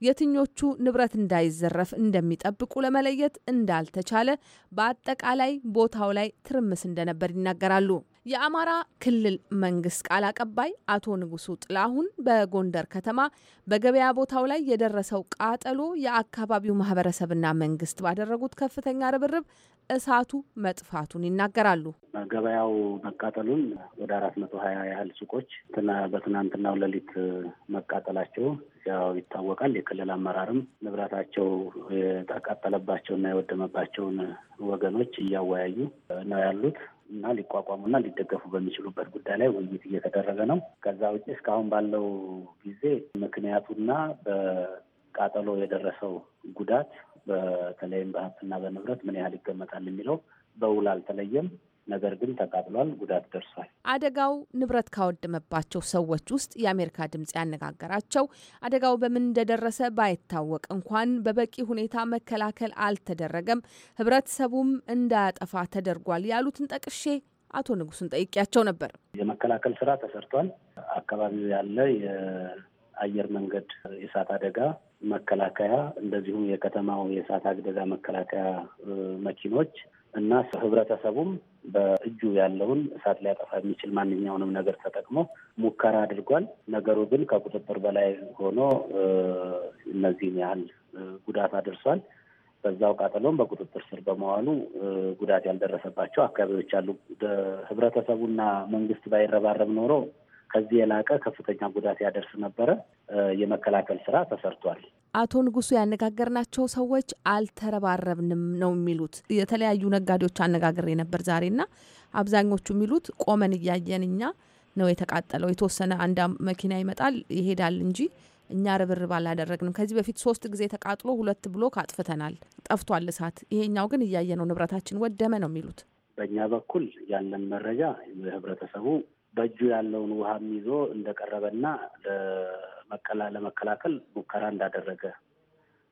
S11: የትኞቹ ንብረት እንዳይዘረፍ እንደሚጠ ሳይጠብቁ ለመለየት እንዳልተቻለ፣ በአጠቃላይ ቦታው ላይ ትርምስ እንደነበር ይናገራሉ። የአማራ ክልል መንግስት ቃል አቀባይ አቶ ንጉሱ ጥላሁን በጎንደር ከተማ በገበያ ቦታው ላይ የደረሰው ቃጠሎ የአካባቢው ማህበረሰብና መንግስት ባደረጉት ከፍተኛ ርብርብ እሳቱ መጥፋቱን ይናገራሉ።
S4: ገበያው መቃጠሉን ወደ አራት መቶ ሀያ ያህል ሱቆች በትናንትናው ሌሊት መቃጠላቸው ያው ይታወቃል። የክልል አመራርም ንብረታቸው የተቃጠለባቸውና የወደመባቸውን ወገኖች እያወያዩ ነው ያሉት እና ሊቋቋሙና ሊደገፉ በሚችሉበት ጉዳይ ላይ ውይይት እየተደረገ ነው። ከዛ ውጭ እስካሁን ባለው ጊዜ ምክንያቱና በቃጠሎ የደረሰው ጉዳት በተለይም በሀብትና በንብረት ምን ያህል ይገመታል የሚለው በውል አልተለየም። ነገር ግን ተቃጥሏል፣ ጉዳት ደርሷል።
S11: አደጋው ንብረት ካወደመባቸው ሰዎች ውስጥ የአሜሪካ ድምጽ ያነጋገራቸው አደጋው በምን እንደደረሰ ባይታወቅ እንኳን በበቂ ሁኔታ መከላከል አልተደረገም፣ ህብረተሰቡም እንዳያጠፋ ተደርጓል ያሉትን ጠቅሼ አቶ ንጉሱን ጠይቄያቸው ነበር።
S4: የመከላከል ስራ ተሰርቷል። አካባቢው ያለ የአየር መንገድ የእሳት አደጋ መከላከያ እንደዚሁም የከተማው የእሳት አደጋ መከላከያ መኪኖች እና ህብረተሰቡም በእጁ ያለውን እሳት ሊያጠፋ የሚችል ማንኛውንም ነገር ተጠቅሞ ሙከራ አድርጓል። ነገሩ ግን ከቁጥጥር በላይ ሆኖ እነዚህን ያህል ጉዳት አድርሷል። በዛው ቃጠሎም በቁጥጥር ስር በመዋሉ ጉዳት ያልደረሰባቸው አካባቢዎች አሉ። ህብረተሰቡና መንግስት ባይረባረብ ኖሮ ከዚህ የላቀ ከፍተኛ ጉዳት ያደርስ ነበረ። የመከላከል ስራ ተሰርቷል።
S11: አቶ ንጉሱ ያነጋገርናቸው ሰዎች አልተረባረብንም ነው የሚሉት። የተለያዩ ነጋዴዎች አነጋግሬ ነበር ዛሬና አብዛኞቹ የሚሉት ቆመን እያየን እኛ ነው የተቃጠለው። የተወሰነ አንድ መኪና ይመጣል ይሄዳል እንጂ እኛ ርብርብ አላደረግንም። ከዚህ በፊት ሶስት ጊዜ ተቃጥሎ ሁለት ብሎክ አጥፍተናል፣ ጠፍቷል እሳት። ይሄኛው ግን እያየ ነው ንብረታችን ወደመ ነው የሚሉት።
S4: በእኛ በኩል ያለን መረጃ ህብረተሰቡ በእጁ ያለውን ውሃም ይዞ እንደቀረበና ለመከላከል ሙከራ እንዳደረገ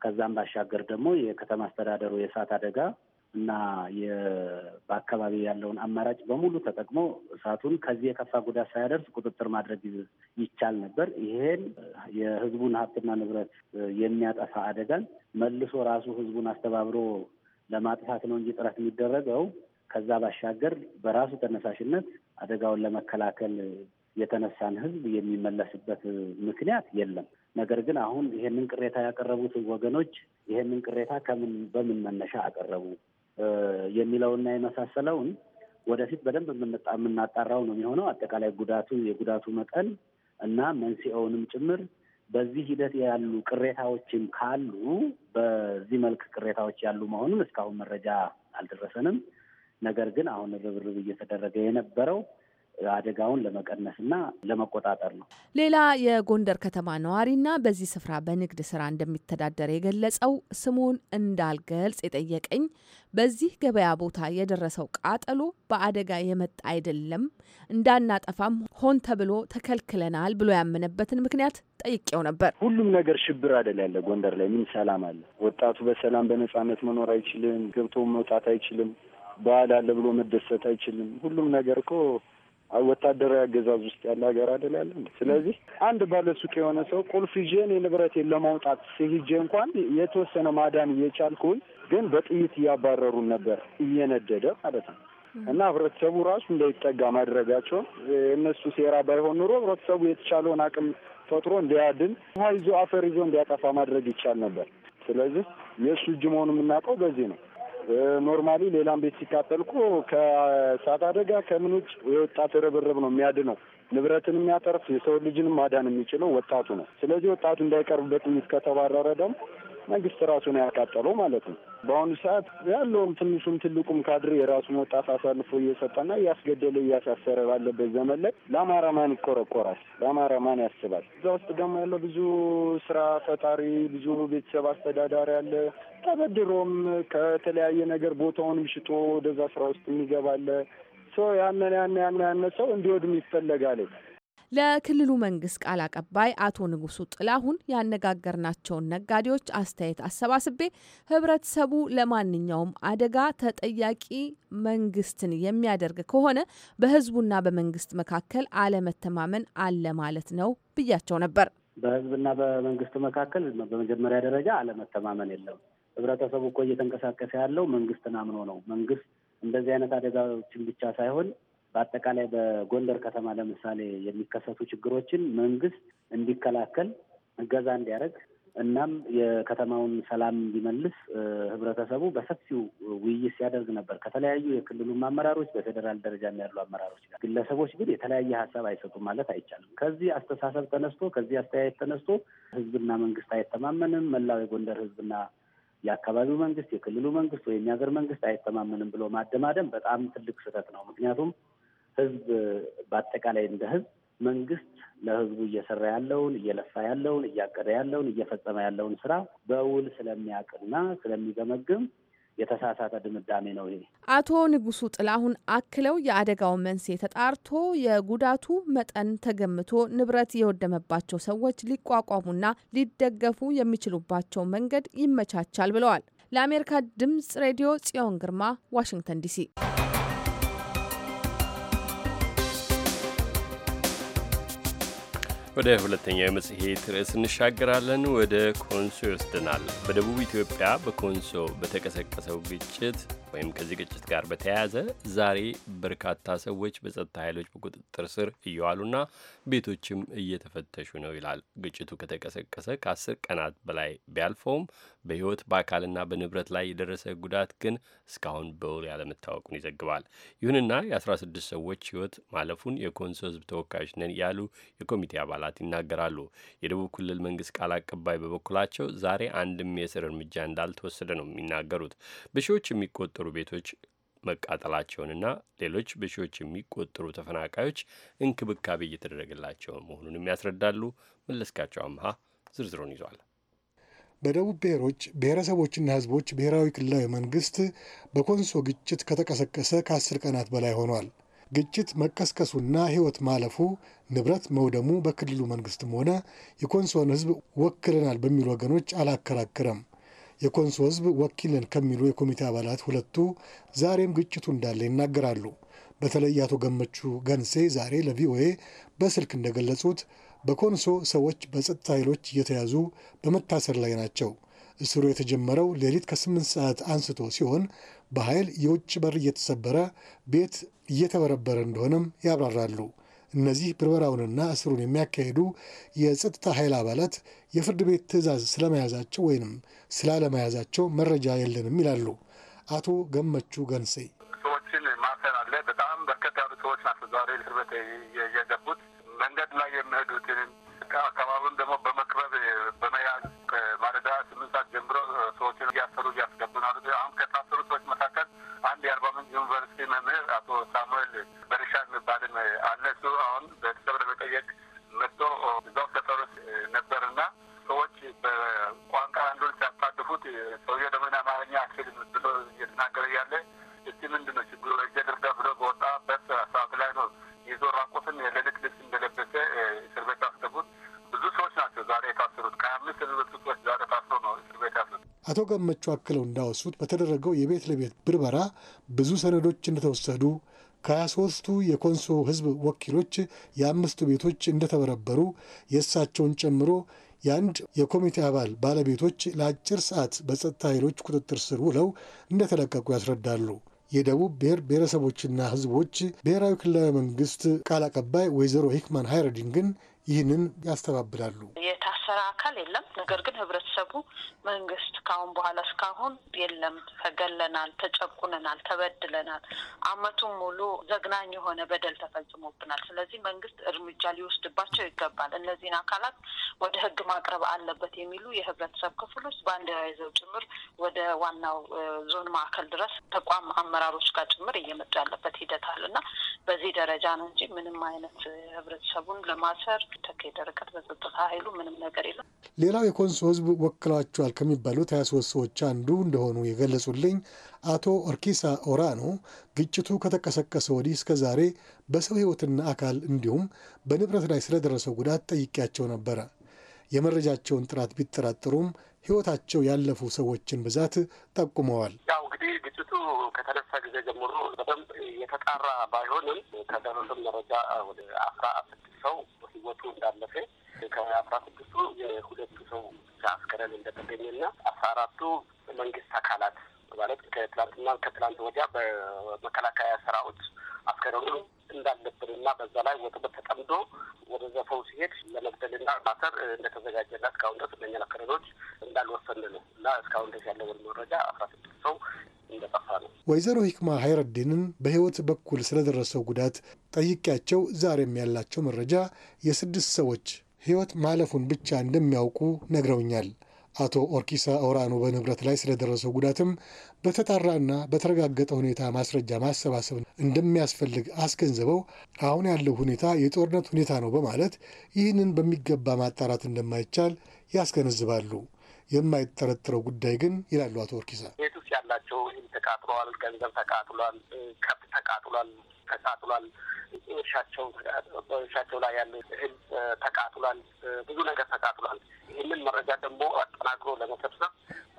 S4: ከዛም ባሻገር ደግሞ የከተማ አስተዳደሩ የእሳት አደጋ እና በአካባቢ ያለውን አማራጭ በሙሉ ተጠቅሞ እሳቱን ከዚህ የከፋ ጉዳት ሳያደርስ ቁጥጥር ማድረግ ይቻል ነበር። ይሄን የሕዝቡን ሀብትና ንብረት የሚያጠፋ አደጋን መልሶ ራሱ ሕዝቡን አስተባብሮ ለማጥፋት ነው እንጂ ጥረት የሚደረገው ከዛ ባሻገር በራሱ ተነሳሽነት አደጋውን ለመከላከል የተነሳን ህዝብ የሚመለስበት ምክንያት የለም። ነገር ግን አሁን ይሄንን ቅሬታ ያቀረቡት ወገኖች ይሄንን ቅሬታ ከምን በምን መነሻ አቀረቡ የሚለውና የመሳሰለውን ወደፊት በደንብ የምናጣራው ነው የሚሆነው። አጠቃላይ ጉዳቱ የጉዳቱ መጠን እና መንስኤውንም ጭምር በዚህ ሂደት ያሉ ቅሬታዎችም ካሉ በዚህ መልክ ቅሬታዎች ያሉ መሆኑን እስካሁን መረጃ አልደረሰንም። ነገር ግን አሁን ርብርብ እየተደረገ የነበረው አደጋውን ለመቀነስና ለመቆጣጠር ነው።
S11: ሌላ የጎንደር ከተማ ነዋሪና በዚህ ስፍራ በንግድ ስራ እንደሚተዳደር የገለጸው ስሙን እንዳልገልጽ የጠየቀኝ በዚህ ገበያ ቦታ የደረሰው ቃጠሎ በአደጋ የመጣ አይደለም፣ እንዳናጠፋም ሆን ተብሎ ተከልክለናል ብሎ ያመነበትን ምክንያት ጠይቄው
S13: ነበር። ሁሉም ነገር ሽብር አደል ያለ ጎንደር ላይ ምን ሰላም አለ? ወጣቱ በሰላም በነጻነት መኖር አይችልም። ገብቶ መውጣት አይችልም። በዓል አለ ብሎ መደሰት አይችልም። ሁሉም ነገር እኮ ወታደራዊ አገዛዝ ውስጥ ያለ ሀገር አይደል ያለ። ስለዚህ አንድ ባለሱቅ የሆነ ሰው ቁልፍ ይዤን የንብረቴን ለማውጣት ሲሄጄ እንኳን የተወሰነ ማዳን እየቻልኩኝ ግን በጥይት እያባረሩን ነበር፣ እየነደደ ማለት ነው። እና ህብረተሰቡ ራሱ እንዳይጠጋ ማድረጋቸው እነሱ ሴራ ባይሆን ኑሮ ህብረተሰቡ የተቻለውን አቅም ፈጥሮ እንዲያድን ውሃ ይዞ አፈር ይዞ እንዲያጠፋ ማድረግ ይቻል ነበር። ስለዚህ የእሱ እጅ መሆኑ የምናውቀው በዚህ ነው። ኖርማሊ ሌላም ቤት ሲቃጠል እኮ ከእሳት አደጋ ከምን ውጭ የወጣት ርብርብ ነው የሚያድነው። ንብረትን የሚያተርፍ የሰው ልጅንም ማዳን የሚችለው ወጣቱ ነው። ስለዚህ ወጣቱ እንዳይቀርብበት ከተባረረ ደግሞ መንግስት ራሱን ያቃጠለው ማለት ነው። በአሁኑ ሰዓት ያለውም ትንሹም ትልቁም ካድሬ የራሱን ወጣት አሳልፎ እየሰጠና እያስገደለ እያሳሰረ ባለበት ዘመን ላይ ለአማራ ማን ይቆረቆራል? ለአማራ ማን ያስባል? እዛ ውስጥ ደግሞ ያለ ብዙ ስራ ፈጣሪ ብዙ ቤተሰብ አስተዳዳሪ አለ። ተበድሮም ከተለያየ ነገር ቦታውንም ሽጦ ወደዛ ስራ ውስጥ የሚገባለ ሰው ያንን ያን ያን ሰው እንዲወድም ይፈለጋል።
S11: ለክልሉ መንግስት ቃል አቀባይ አቶ ንጉሱ ጥላሁን ያነጋገርናቸውን ነጋዴዎች አስተያየት አሰባስቤ ህብረተሰቡ ለማንኛውም አደጋ ተጠያቂ መንግስትን የሚያደርግ ከሆነ በህዝቡና በመንግስት መካከል አለመተማመን አለ ማለት ነው ብያቸው ነበር።
S4: በህዝብና በመንግስት መካከል በመጀመሪያ ደረጃ አለመተማመን የለም። ህብረተሰቡ እኮ እየተንቀሳቀሰ ያለው መንግስትን አምኖ ነው። መንግስት እንደዚህ አይነት አደጋዎችን ብቻ ሳይሆን በአጠቃላይ በጎንደር ከተማ ለምሳሌ የሚከሰቱ ችግሮችን መንግስት እንዲከላከል እገዛ እንዲያደርግ እናም የከተማውን ሰላም እንዲመልስ ህብረተሰቡ በሰፊው ውይይት ሲያደርግ ነበር ከተለያዩ የክልሉም አመራሮች በፌዴራል ደረጃ ያሉ አመራሮች ጋር። ግለሰቦች ግን የተለያየ ሀሳብ አይሰጡም ማለት አይቻልም። ከዚህ አስተሳሰብ ተነስቶ ከዚህ አስተያየት ተነስቶ ህዝብና መንግስት አይተማመንም፣ መላው የጎንደር ህዝብና የአካባቢው መንግስት፣ የክልሉ መንግስት ወይም የሀገር መንግስት አይተማመንም ብሎ ማደማደም በጣም ትልቅ ስህተት ነው። ምክንያቱም ህዝብ በአጠቃላይ እንደ ህዝብ መንግስት ለህዝቡ እየሰራ ያለውን እየለፋ ያለውን እያቀደ ያለውን እየፈጸመ ያለውን ስራ በውል ስለሚያውቅና ስለሚገመግም የተሳሳተ ድምዳሜ ነው ይሄ።
S11: አቶ ንጉሱ ጥላሁን አክለው የአደጋው መንስኤ ተጣርቶ የጉዳቱ መጠን ተገምቶ ንብረት የወደመባቸው ሰዎች ሊቋቋሙና ሊደገፉ የሚችሉባቸው መንገድ ይመቻቻል ብለዋል። ለአሜሪካ ድምጽ ሬዲዮ ጽዮን ግርማ ዋሽንግተን ዲሲ
S2: ወደ ሁለተኛው የመጽሔት ርዕስ እንሻገራለን። ወደ ኮንሶ ይወስደናል። በደቡብ ኢትዮጵያ በኮንሶ በተቀሰቀሰው ግጭት ወይም ከዚህ ግጭት ጋር በተያያዘ ዛሬ በርካታ ሰዎች በጸጥታ ኃይሎች በቁጥጥር ስር እየዋሉና ቤቶችም እየተፈተሹ ነው ይላል። ግጭቱ ከተቀሰቀሰ ከአስር ቀናት በላይ ቢያልፈውም በሕይወት በአካልና በንብረት ላይ የደረሰ ጉዳት ግን እስካሁን በውል ያለመታወቁን ይዘግባል። ይሁንና የ16 ሰዎች ሕይወት ማለፉን የኮንሶ ሕዝብ ተወካዮች ነን ያሉ የኮሚቴ አባላት ይናገራሉ። የደቡብ ክልል መንግስት ቃል አቀባይ በበኩላቸው ዛሬ አንድም የእስር እርምጃ እንዳልተወሰደ ነው የሚናገሩት። በሺዎች የሚቆጠሩ የተቃጠሉ ቤቶች መቃጠላቸውንና ሌሎች በሺዎች የሚቆጠሩ ተፈናቃዮች እንክብካቤ እየተደረገላቸው መሆኑንም ያስረዳሉ። መለስካቸው አምሃ ዝርዝሩን ይዟል።
S8: በደቡብ ብሔሮች ብሔረሰቦችና ሕዝቦች ብሔራዊ ክልላዊ መንግስት በኮንሶ ግጭት ከተቀሰቀሰ ከአስር ቀናት በላይ ሆኗል። ግጭት መቀስቀሱና ሕይወት ማለፉ ንብረት መውደሙ በክልሉ መንግስትም ሆነ የኮንሶን ሕዝብ ወክለናል በሚሉ ወገኖች አላከራክረም። የኮንሶ ህዝብ ወኪልን ከሚሉ የኮሚቴ አባላት ሁለቱ ዛሬም ግጭቱ እንዳለ ይናገራሉ። በተለይ አቶ ገመቹ ገንሴ ዛሬ ለቪኦኤ በስልክ እንደገለጹት በኮንሶ ሰዎች በጸጥታ ኃይሎች እየተያዙ በመታሰር ላይ ናቸው። እስሩ የተጀመረው ሌሊት ከስምንት ሰዓት አንስቶ ሲሆን በኃይል የውጭ በር እየተሰበረ ቤት እየተበረበረ እንደሆነም ያብራራሉ። እነዚህ ብርበራውንና እስሩን የሚያካሄዱ የጸጥታ ኃይል አባላት የፍርድ ቤት ትዕዛዝ ስለመያዛቸው ወይንም ስላለመያዛቸው መረጃ የለንም ይላሉ አቶ ገመቹ ገንሴ።
S14: ሰዎችን ማሰር አለ። በጣም በርከት ያሉ ሰዎች ናቸው ዛሬ እስር ቤት የገቡት። መንገድ ላይ የሚሄዱትን አካባቢውን ደግሞ በመክበብ በመያዝ ከማለዳ ስምንት ሰዓት ጀምሮ ሰዎችን እያሰሩ እያስ አንድ የአርባ ምንጭ ዩኒቨርሲቲ መምህር አቶ ሳሙኤል በሪሻ የሚባልም አለ። እሱ አሁን ቤተሰብ ለመጠየቅ መጥቶ እዛው ነበር ነበርና ሰዎች በቋንቋ አንዱን ሲያታድፉት ሰውዬው ደግሞ አማርኛ አልችልም ብሎ እየተናገረ ያለ እስቲ ምንድን ነው ችግሩ እጀ ድርጋ ብሎ በወጣበት ሰዓት ላይ ነው ይዞ ራቁትን የሌሊት ልብስ እንደለበሰ እስር ቤት ያስገቡት። ብዙ ሰዎች ናቸው ዛሬ የታሰሩት። ከአምስት ህዝብ ህዝብ ዛሬ ታስሮ
S8: ነው እስር ቤት ያሉት። አቶ ገመቹ አክለው እንዳወሱት በተደረገው የቤት ለቤት ብርበራ ብዙ ሰነዶች እንደተወሰዱ ከ 23 የኮንሶ ህዝብ ወኪሎች የአምስቱ ቤቶች እንደተበረበሩ የእሳቸውን ጨምሮ የአንድ የኮሚቴ አባል ባለቤቶች ለአጭር ሰዓት በጸጥታ ኃይሎች ቁጥጥር ስር ውለው እንደተለቀቁ ያስረዳሉ። የደቡብ ብሔር ብሔረሰቦችና ህዝቦች ብሔራዊ ክልላዊ መንግስት ቃል አቀባይ ወይዘሮ ሂክማን ሃይረዲን ግን ይህንን ያስተባብላሉ።
S12: የሚሰራ አካል የለም። ነገር ግን ህብረተሰቡ መንግስት ከአሁን በኋላ እስካሁን የለም ተገለናል፣ ተጨቁነናል፣ ተበድለናል፣ አመቱን ሙሉ ዘግናኝ የሆነ በደል ተፈጽሞብናል። ስለዚህ መንግስት እርምጃ ሊወስድባቸው ይገባል፣ እነዚህን አካላት ወደ ህግ ማቅረብ አለበት የሚሉ የህብረተሰብ ክፍሎች ባንዲራ ይዘው ጭምር ወደ ዋናው ዞን ማዕከል ድረስ ተቋም አመራሮች ጋር ጭምር እየመጡ ያለበት ሂደት አለ እና በዚህ ደረጃ ነው እንጂ ምንም አይነት ህብረተሰቡን ለማሰር ተካሄደ ርቀት በጸጥታ ኃይሉ ምንም ነገር ነገር የለም።
S8: ሌላው የኮንሶ ህዝብ ወክሏቸዋል ከሚባሉት ሶስት ሰዎች አንዱ እንደሆኑ የገለጹልኝ አቶ ኦርኪሳ ኦራኖ ግጭቱ ከተቀሰቀሰ ወዲህ እስከ ዛሬ በሰው ህይወትና አካል እንዲሁም በንብረት ላይ ስለደረሰው ጉዳት ጠይቄያቸው ነበረ። የመረጃቸውን ጥራት ቢጠራጠሩም ሕይወታቸው ያለፉ ሰዎችን ብዛት ጠቁመዋል።
S14: ያው እንግዲህ ግጭቱ ከተነሳ ጊዜ ጀምሮ በደንብ የተጣራ ባይሆንም ከደረሰን መረጃ ወደ አስራ ስድስት ሰው ሕይወቱ እንዳለፈ ከአስራ ስድስቱ የሁለቱ ሰው አስከሬን እንደተገኘና አስራ አራቱ መንግስት አካላት ማለት ከትላንትና ከትላንት ወዲያ በመከላከያ ሰራዊት እንዳለብን እንዳለብንና በዛ ላይ ወጥ ተጠምዶ ወደ ዘፈው ሲሄድ ለመግደልና ማሰር እንደተዘጋጀና እስካሁን ድረስ እነኛ አስከሬኖች እንዳልወሰን ነው እና እስካሁን ድረስ ያለውን መረጃ አስራ ስድስት ሰው እንደጠፋ ነው።
S8: ወይዘሮ ሂክማ ሀይረዲንን በህይወት በኩል ስለደረሰው ጉዳት ጠይቂያቸው ዛሬም ያላቸው መረጃ የስድስት ሰዎች ህይወት ማለፉን ብቻ እንደሚያውቁ ነግረውኛል። አቶ ኦርኪሳ ኦራኖ በንብረት ላይ ስለደረሰው ጉዳትም በተጣራና በተረጋገጠ ሁኔታ ማስረጃ ማሰባሰብ እንደሚያስፈልግ አስገንዝበው አሁን ያለው ሁኔታ የጦርነት ሁኔታ ነው በማለት ይህንን በሚገባ ማጣራት እንደማይቻል ያስገነዝባሉ። የማይጠረጥረው ጉዳይ ግን ይላሉ አቶ ወርኪሳ
S14: ቤት ውስጥ ያላቸው ተቃጥለዋል፣ ገንዘብ ተቃጥሏል፣ ከብት ተቃጥሏል፣ ተቃጥሏል፣ እርሻቸው ላይ ያለ እህል ተቃጥሏል፣ ብዙ ነገር ተቃጥሏል። ይህንን መረጃ ደግሞ አጠናክሮ ለመሰብሰብ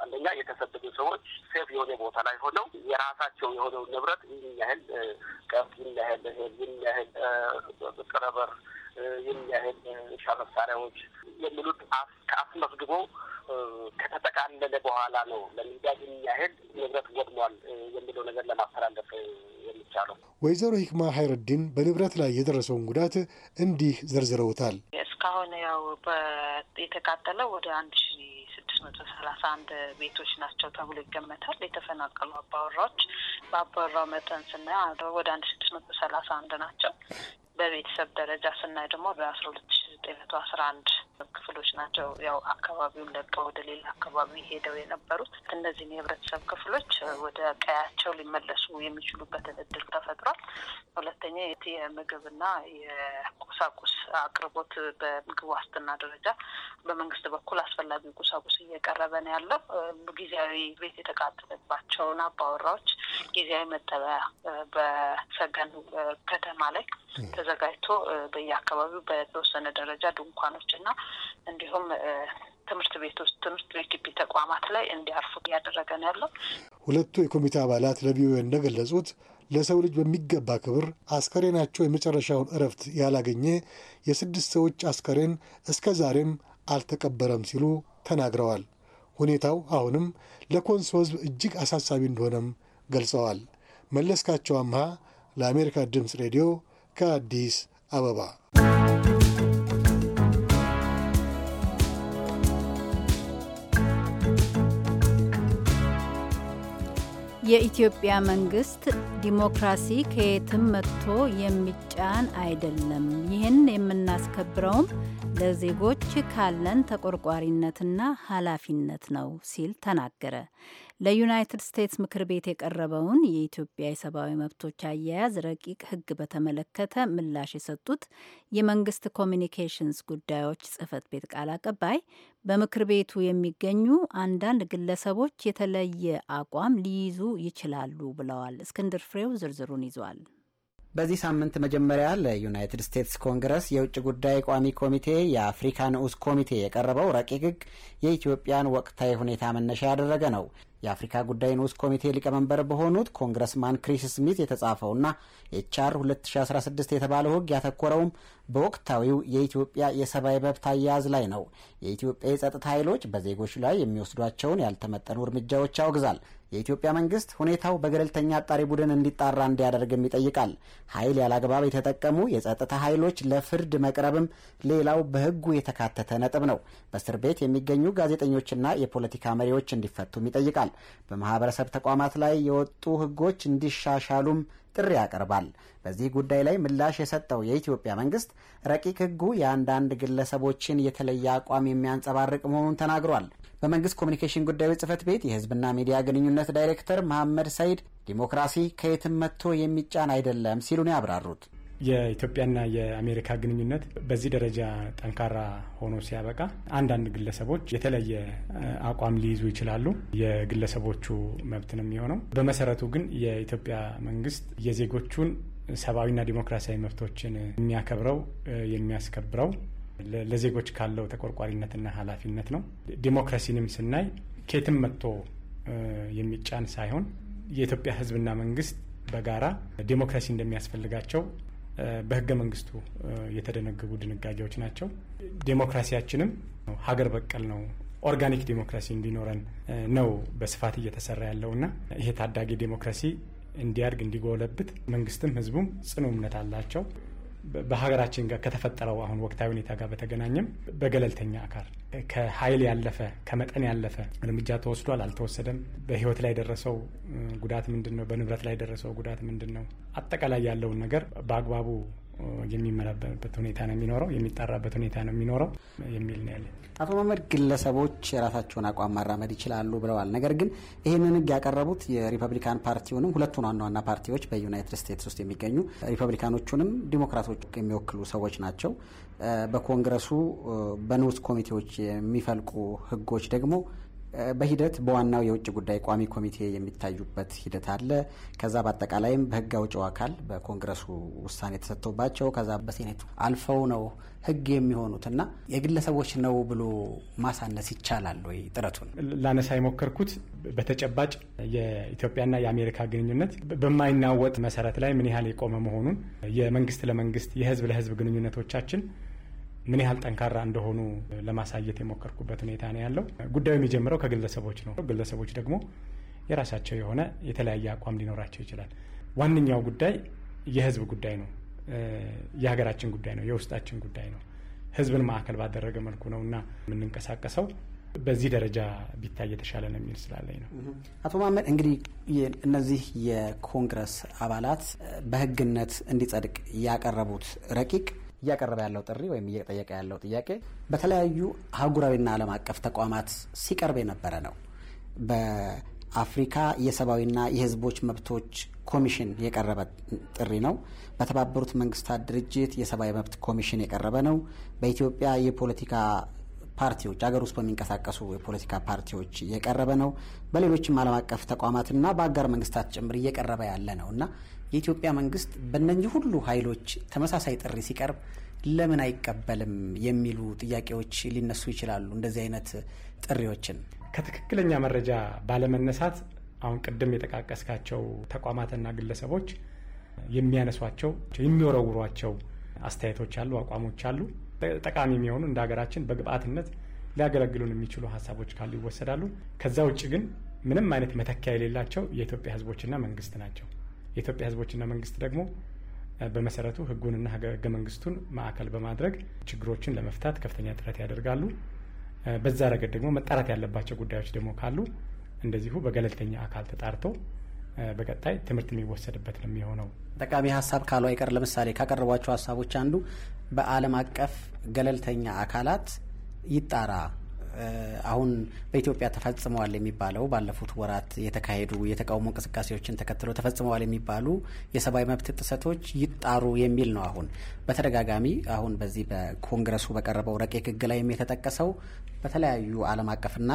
S14: አንደኛ የተሰደዱ ሰዎች ሴፍ የሆነ ቦታ ላይ ሆነው የራሳቸው የሆነው ንብረት ይህን ያህል ቀብት፣ ይህን ያህል እህል፣ ይህን ያህል ጥረበር የሚያህል እርሻ መሳሪያዎች የሚሉት ከአስመዝግቦ ከተጠቃለለ በኋላ ነው ለሚዳጅ የሚያህል ንብረት ጎድሟል የሚለው ነገር ለማስተላለፍ
S12: የሚቻለው።
S8: ወይዘሮ ሂክማ ሀይረዲን በንብረት ላይ የደረሰውን ጉዳት እንዲህ ዘርዝረውታል።
S12: እስካሁን ያው የተቃጠለው ወደ አንድ ሺ ስድስት መቶ ሰላሳ አንድ ቤቶች ናቸው ተብሎ ይገመታል። የተፈናቀሉ አባወራዎች በአባወራው መጠን ስናየው ወደ አንድ ስድስት መቶ ሰላሳ አንድ ናቸው። በቤተሰብ ደረጃ ስናይ ደግሞ በአስራ ሁለት ሺ ዘጠኝ መቶ አስራ አንድ ክፍሎች ናቸው ያው አካባቢውን ለቀው ወደ ሌላ አካባቢ ሄደው የነበሩት። እነዚህን የህብረተሰብ ክፍሎች ወደ ቀያቸው ሊመለሱ የሚችሉበትን እድል ተፈጥሯል። ሁለተኛ የምግብና የቁሳቁስ አቅርቦት በምግብ ዋስትና ደረጃ በመንግስት በኩል አስፈላጊ ቁሳቁስ እየቀረበ ነው ያለው። ጊዜያዊ ቤት የተቃጠለባቸውን አባወራዎች ጊዜያዊ መጠለያ በሰገን ከተማ ላይ ተዘጋጅቶ በየአካባቢው በተወሰነ ደረጃ ድንኳኖች እና እንዲሁም ትምህርት ቤቶች፣ ትምህርት ግቢ ተቋማት ላይ እንዲያርፉ እያደረገ ነው ያለው።
S8: ሁለቱ የኮሚቴ አባላት ለቪኦኤ እንደገለጹት ለሰው ልጅ በሚገባ ክብር አስከሬናቸው የመጨረሻውን እረፍት ያላገኘ የስድስት ሰዎች አስከሬን እስከ ዛሬም አልተቀበረም ሲሉ ተናግረዋል። ሁኔታው አሁንም ለኮንሶ ሕዝብ እጅግ አሳሳቢ እንደሆነም ገልጸዋል። መለስካቸው አምሃ ለአሜሪካ ድምፅ ሬዲዮ ከአዲስ አበባ
S1: የኢትዮጵያ መንግስት ዲሞክራሲ ከየትም መጥቶ የሚጫን አይደለም። ይህን የምናስከብረውም ለዜጎች ካለን ተቆርቋሪነትና ኃላፊነት ነው ሲል ተናገረ። ለዩናይትድ ስቴትስ ምክር ቤት የቀረበውን የኢትዮጵያ የሰብአዊ መብቶች አያያዝ ረቂቅ ሕግ በተመለከተ ምላሽ የሰጡት የመንግስት ኮሚኒኬሽንስ ጉዳዮች ጽህፈት ቤት ቃል አቀባይ በምክር ቤቱ የሚገኙ አንዳንድ ግለሰቦች የተለየ አቋም ሊይዙ ይችላሉ ብለዋል። እስክንድር ፍሬው ዝርዝሩን ይዟል።
S15: በዚህ ሳምንት መጀመሪያ ለዩናይትድ ስቴትስ ኮንግረስ የውጭ ጉዳይ ቋሚ ኮሚቴ የአፍሪካ ንዑስ ኮሚቴ የቀረበው ረቂቅ ሕግ የኢትዮጵያን ወቅታዊ ሁኔታ መነሻ ያደረገ ነው። የአፍሪካ ጉዳይ ንዑስ ኮሚቴ ሊቀመንበር በሆኑት ኮንግረስማን ክሪስ ስሚት የተጻፈውና ኤችአር 2016 የተባለው ህግ ያተኮረውም በወቅታዊው የኢትዮጵያ የሰብአዊ መብት አያያዝ ላይ ነው። የኢትዮጵያ የጸጥታ ኃይሎች በዜጎች ላይ የሚወስዷቸውን ያልተመጠኑ እርምጃዎች ያወግዛል። የኢትዮጵያ መንግስት ሁኔታው በገለልተኛ አጣሪ ቡድን እንዲጣራ እንዲያደርግም ይጠይቃል። ኃይል ያላግባብ የተጠቀሙ የጸጥታ ኃይሎች ለፍርድ መቅረብም ሌላው በህጉ የተካተተ ነጥብ ነው። በእስር ቤት የሚገኙ ጋዜጠኞችና የፖለቲካ መሪዎች እንዲፈቱም ይጠይቃል። በማህበረሰብ ተቋማት ላይ የወጡ ህጎች እንዲሻሻሉም ጥሪ ያቀርባል። በዚህ ጉዳይ ላይ ምላሽ የሰጠው የኢትዮጵያ መንግስት ረቂቅ ህጉ የአንዳንድ ግለሰቦችን የተለየ አቋም የሚያንጸባርቅ መሆኑን ተናግሯል። በመንግስት ኮሚኒኬሽን ጉዳዮች ጽህፈት ቤት የህዝብና ሚዲያ ግንኙነት ዳይሬክተር መሐመድ ሰይድ ዲሞክራሲ ከየትም መጥቶ የሚጫን አይደለም ሲሉ ነው ያብራሩት።
S5: የኢትዮጵያና የአሜሪካ ግንኙነት በዚህ ደረጃ ጠንካራ ሆኖ ሲያበቃ አንዳንድ ግለሰቦች የተለየ አቋም ሊይዙ ይችላሉ። የግለሰቦቹ መብት ነው የሚሆነው። በመሰረቱ ግን የኢትዮጵያ መንግስት የዜጎቹን ሰብአዊና ዲሞክራሲያዊ መብቶችን የሚያከብረው የሚያስከብረው ለዜጎች ካለው ተቆርቋሪነትና ኃላፊነት ነው። ዲሞክራሲንም ስናይ ኬትም መጥቶ የሚጫን ሳይሆን የኢትዮጵያ ሕዝብና መንግስት በጋራ ዲሞክራሲ እንደሚያስፈልጋቸው በህገ መንግስቱ የተደነገጉ ድንጋጌዎች ናቸው። ዴሞክራሲያችንም ሀገር በቀል ነው። ኦርጋኒክ ዴሞክራሲ እንዲኖረን ነው በስፋት እየተሰራ ያለው እና ይሄ ታዳጊ ዴሞክራሲ እንዲያድግ እንዲጎለብት መንግስትም ህዝቡም ጽኑ እምነት አላቸው። በሀገራችን ጋር ከተፈጠረው አሁን ወቅታዊ ሁኔታ ጋር በተገናኘም በገለልተኛ አካል ከኃይል ያለፈ ከመጠን ያለፈ እርምጃ ተወስዷል አልተወሰደም፣ በህይወት ላይ የደረሰው ጉዳት ምንድን ነው፣ በንብረት ላይ የደረሰው ጉዳት ምንድን ነው፣ አጠቃላይ ያለውን ነገር በአግባቡ የሚመረበርበት ሁኔታ ነው የሚኖረው፣ የሚጣራበት ሁኔታ ነው የሚኖረው የሚል ነው ያለን።
S15: አቶ መሀመድ ግለሰቦች የራሳቸውን አቋም ማራመድ ይችላሉ ብለዋል። ነገር ግን ይህንን ህግ ያቀረቡት የሪፐብሊካን ፓርቲውንም ሁለቱን ዋና ዋና ፓርቲዎች በዩናይትድ ስቴትስ ውስጥ የሚገኙ ሪፐብሊካኖቹንም ዲሞክራቶች የሚወክሉ ሰዎች ናቸው። በኮንግረሱ በንዑስ ኮሚቴዎች የሚፈልቁ ህጎች ደግሞ በሂደት በዋናው የውጭ ጉዳይ ቋሚ ኮሚቴ የሚታዩበት ሂደት አለ። ከዛ በአጠቃላይም በህግ አውጭው አካል በኮንግረሱ ውሳኔ ተሰጥቶባቸው ከዛ በሴኔቱ አልፈው ነው ህግ የሚሆኑት እና የግለሰቦች ነው ብሎ ማሳነስ ይቻላል ወይ? ጥረቱን
S5: ላነሳ የሞከርኩት በተጨባጭ የኢትዮጵያና የአሜሪካ ግንኙነት በማይናወጥ መሰረት ላይ ምን ያህል የቆመ መሆኑን የመንግስት ለመንግስት የህዝብ ለህዝብ ግንኙነቶቻችን ምን ያህል ጠንካራ እንደሆኑ ለማሳየት የሞከርኩበት ሁኔታ ነው ያለው። ጉዳዩ የሚጀምረው ከግለሰቦች ነው። ግለሰቦች ደግሞ የራሳቸው የሆነ የተለያየ አቋም ሊኖራቸው ይችላል። ዋነኛው ጉዳይ የህዝብ ጉዳይ ነው፣ የሀገራችን ጉዳይ ነው፣ የውስጣችን ጉዳይ ነው። ህዝብን ማዕከል ባደረገ መልኩ ነው እና የምንንቀሳቀሰው በዚህ ደረጃ ቢታይ
S15: የተሻለ ነው የሚል ስላለኝ ነው። አቶ መሀመድ እንግዲህ እነዚህ የኮንግረስ አባላት በህግነት እንዲጸድቅ ያቀረቡት ረቂቅ እያቀረበ ያለው ጥሪ ወይም እየጠየቀ ያለው ጥያቄ በተለያዩ አህጉራዊና ዓለም አቀፍ ተቋማት ሲቀርብ የነበረ ነው። በአፍሪካ የሰብአዊና የህዝቦች መብቶች ኮሚሽን የቀረበ ጥሪ ነው። በተባበሩት መንግስታት ድርጅት የሰብአዊ መብት ኮሚሽን የቀረበ ነው። በኢትዮጵያ የፖለቲካ ፓርቲዎች አገር ውስጥ በሚንቀሳቀሱ የፖለቲካ ፓርቲዎች እየቀረበ ነው። በሌሎችም ዓለም አቀፍ ተቋማትና በአጋር መንግስታት ጭምር እየቀረበ ያለ ነው እና የኢትዮጵያ መንግስት በእነኚህ ሁሉ ኃይሎች ተመሳሳይ ጥሪ ሲቀርብ ለምን አይቀበልም የሚሉ ጥያቄዎች ሊነሱ ይችላሉ። እንደዚህ አይነት ጥሪዎችን
S5: ከትክክለኛ መረጃ ባለመነሳት አሁን ቅድም የጠቃቀስካቸው ተቋማትና ግለሰቦች የሚያነሷቸው የሚወረውሯቸው አስተያየቶች አሉ፣ አቋሞች አሉ። ጠቃሚ የሚሆኑ እንደ ሀገራችን በግብአትነት ሊያገለግሉን የሚችሉ ሀሳቦች ካሉ ይወሰዳሉ። ከዛ ውጭ ግን ምንም አይነት መተኪያ የሌላቸው የኢትዮጵያ ህዝቦችና መንግስት ናቸው። የኢትዮጵያ ህዝቦችና መንግስት ደግሞ በመሰረቱ ህጉንና ህገ መንግስቱን ማዕከል በማድረግ ችግሮችን ለመፍታት ከፍተኛ ጥረት ያደርጋሉ። በዛ ረገድ ደግሞ መጣራት ያለባቸው ጉዳዮች ደግሞ ካሉ እንደዚሁ በገለልተኛ አካል ተጣርቶ በቀጣይ ትምህርት የሚወሰድበት
S15: ነው የሚሆነው። ጠቃሚ ሀሳብ ካሉ አይቀር ለምሳሌ ካቀረቧቸው ሀሳቦች አንዱ በዓለም አቀፍ ገለልተኛ አካላት ይጣራ አሁን በኢትዮጵያ ተፈጽመዋል የሚባለው ባለፉት ወራት የተካሄዱ የተቃውሞ እንቅስቃሴዎችን ተከትሎ ተፈጽመዋል የሚባሉ የሰብአዊ መብት ጥሰቶች ይጣሩ የሚል ነው። አሁን በተደጋጋሚ አሁን በዚህ በኮንግረሱ በቀረበው ረቂቅ ሕግ ላይም የተጠቀሰው በተለያዩ ዓለም አቀፍና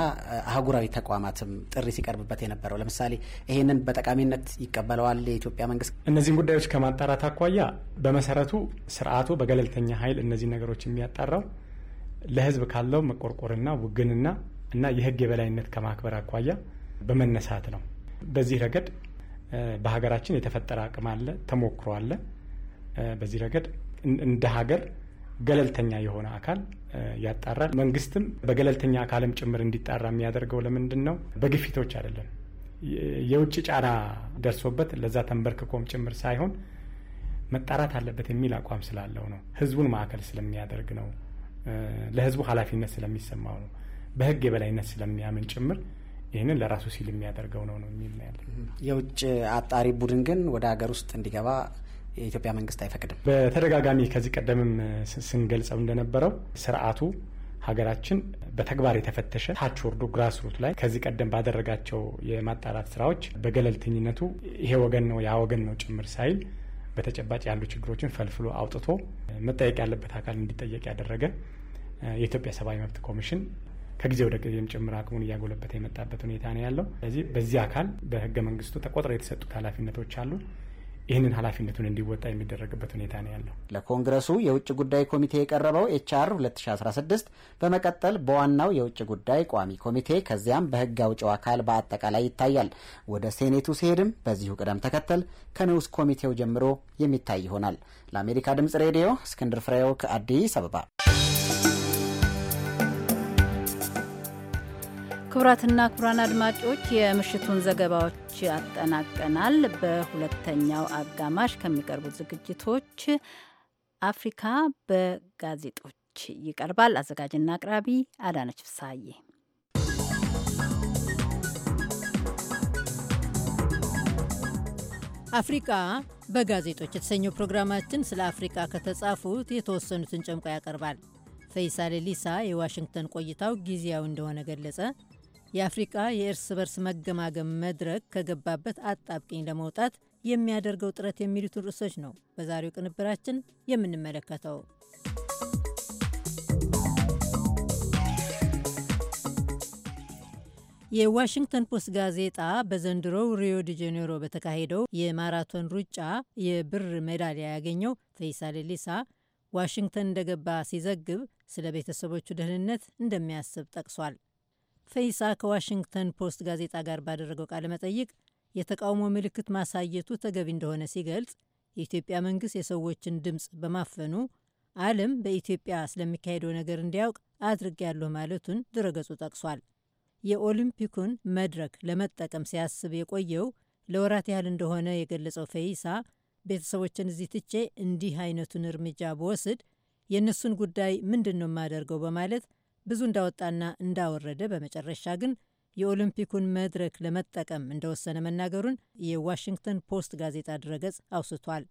S15: አህጉራዊ ተቋማትም ጥሪ ሲቀርብበት የነበረው ለምሳሌ ይህንን በጠቃሚነት ይቀበለዋል የኢትዮጵያ መንግስት።
S5: እነዚህን ጉዳዮች ከማጣራት አኳያ በመሰረቱ ስርዓቱ በገለልተኛ ኃይል እነዚህ ነገሮች የሚያጣራው ለህዝብ ካለው መቆርቆርና ውግንና እና የህግ የበላይነት ከማክበር አኳያ በመነሳት ነው። በዚህ ረገድ በሀገራችን የተፈጠረ አቅም አለ፣ ተሞክሮ አለ። በዚህ ረገድ እንደ ሀገር ገለልተኛ የሆነ አካል ያጣራል። መንግስትም በገለልተኛ አካልም ጭምር እንዲጣራ የሚያደርገው ለምንድን ነው? በግፊቶች አይደለም። የውጭ ጫና ደርሶበት ለዛ ተንበርክኮም ጭምር ሳይሆን መጣራት አለበት የሚል አቋም ስላለው ነው። ህዝቡን ማዕከል ስለሚያደርግ ነው። ለህዝቡ ኃላፊነት ስለሚሰማው ነው። በህግ የበላይነት ስለሚያምን ጭምር ይህንን ለራሱ ሲል የሚያደርገው ነው ነው
S15: የሚል ያለ የውጭ አጣሪ ቡድን ግን ወደ ሀገር ውስጥ እንዲገባ የኢትዮጵያ መንግስት አይፈቅድም። በተደጋጋሚ
S5: ከዚህ ቀደምም ስንገልጸው እንደነበረው ስርዓቱ ሀገራችን በተግባር የተፈተሸ ታች ወርዶ ግራስ ሩት ላይ ከዚህ ቀደም ባደረጋቸው የማጣራት ስራዎች በገለልተኝነቱ ይሄ ወገን ነው ያ ወገን ነው ጭምር ሳይል በተጨባጭ ያሉ ችግሮችን ፈልፍሎ አውጥቶ መጠየቅ ያለበት አካል እንዲጠየቅ ያደረገ የኢትዮጵያ ሰብአዊ መብት ኮሚሽን ከጊዜ ወደ ጊዜም ጭምር አቅሙን እያጎለበተ የመጣበት ሁኔታ ነው ያለው። ስለዚህ በዚህ አካል በህገ መንግስቱ ተቆጥረው የተሰጡት ኃላፊነቶች አሉ። ይህንን ኃላፊነቱን እንዲወጣ የሚደረግበት ሁኔታ ነው ያለው።
S15: ለኮንግረሱ የውጭ ጉዳይ ኮሚቴ የቀረበው ኤችአር 2016 በመቀጠል በዋናው የውጭ ጉዳይ ቋሚ ኮሚቴ ከዚያም በህግ አውጪው አካል በአጠቃላይ ይታያል። ወደ ሴኔቱ ሲሄድም በዚሁ ቅደም ተከተል ከንዑስ ኮሚቴው ጀምሮ የሚታይ ይሆናል። ለአሜሪካ ድምጽ ሬዲዮ እስክንድር ፍሬው ከአዲስ አበባ
S1: ክቡራትና ክቡራን አድማጮች የምሽቱን ዘገባዎች አጠናቀናል። በሁለተኛው አጋማሽ ከሚቀርቡት ዝግጅቶች አፍሪካ በጋዜጦች ይቀርባል። አዘጋጅና አቅራቢ አዳነች ፍሳዬ።
S7: አፍሪቃ በጋዜጦች የተሰኘው ፕሮግራማችን ስለ አፍሪቃ ከተጻፉት የተወሰኑትን ጨምቆ ያቀርባል። ፈይሳ ሌሊሳ የዋሽንግተን ቆይታው ጊዜያዊ እንደሆነ ገለጸ። የአፍሪቃ የእርስ በርስ መገማገም መድረክ ከገባበት አጣብቂኝ ለመውጣት የሚያደርገው ጥረት የሚሉትን ርዕሶች ነው በዛሬው ቅንብራችን የምንመለከተው። የዋሽንግተን ፖስት ጋዜጣ በዘንድሮው ሪዮ ዲ ጄኔሮ በተካሄደው የማራቶን ሩጫ የብር ሜዳሊያ ያገኘው ፈይሳ ሌሊሳ ዋሽንግተን እንደገባ ሲዘግብ ስለ ቤተሰቦቹ ደህንነት እንደሚያስብ ጠቅሷል። ፈይሳ ከዋሽንግተን ፖስት ጋዜጣ ጋር ባደረገው ቃለ መጠይቅ የተቃውሞ ምልክት ማሳየቱ ተገቢ እንደሆነ ሲገልጽ የኢትዮጵያ መንግስት የሰዎችን ድምፅ በማፈኑ ዓለም በኢትዮጵያ ስለሚካሄደው ነገር እንዲያውቅ አድርጌያለሁ ማለቱን ድረገጹ ጠቅሷል። የኦሊምፒኩን መድረክ ለመጠቀም ሲያስብ የቆየው ለወራት ያህል እንደሆነ የገለጸው ፈይሳ ቤተሰቦችን እዚህ ትቼ እንዲህ አይነቱን እርምጃ ብወስድ የእነሱን ጉዳይ ምንድን ነው የማደርገው በማለት ብዙ እንዳወጣና እንዳወረደ በመጨረሻ ግን የኦሎምፒኩን መድረክ ለመጠቀም እንደወሰነ መናገሩን የዋሽንግተን ፖስት ጋዜጣ ድረገጽ አውስቷል።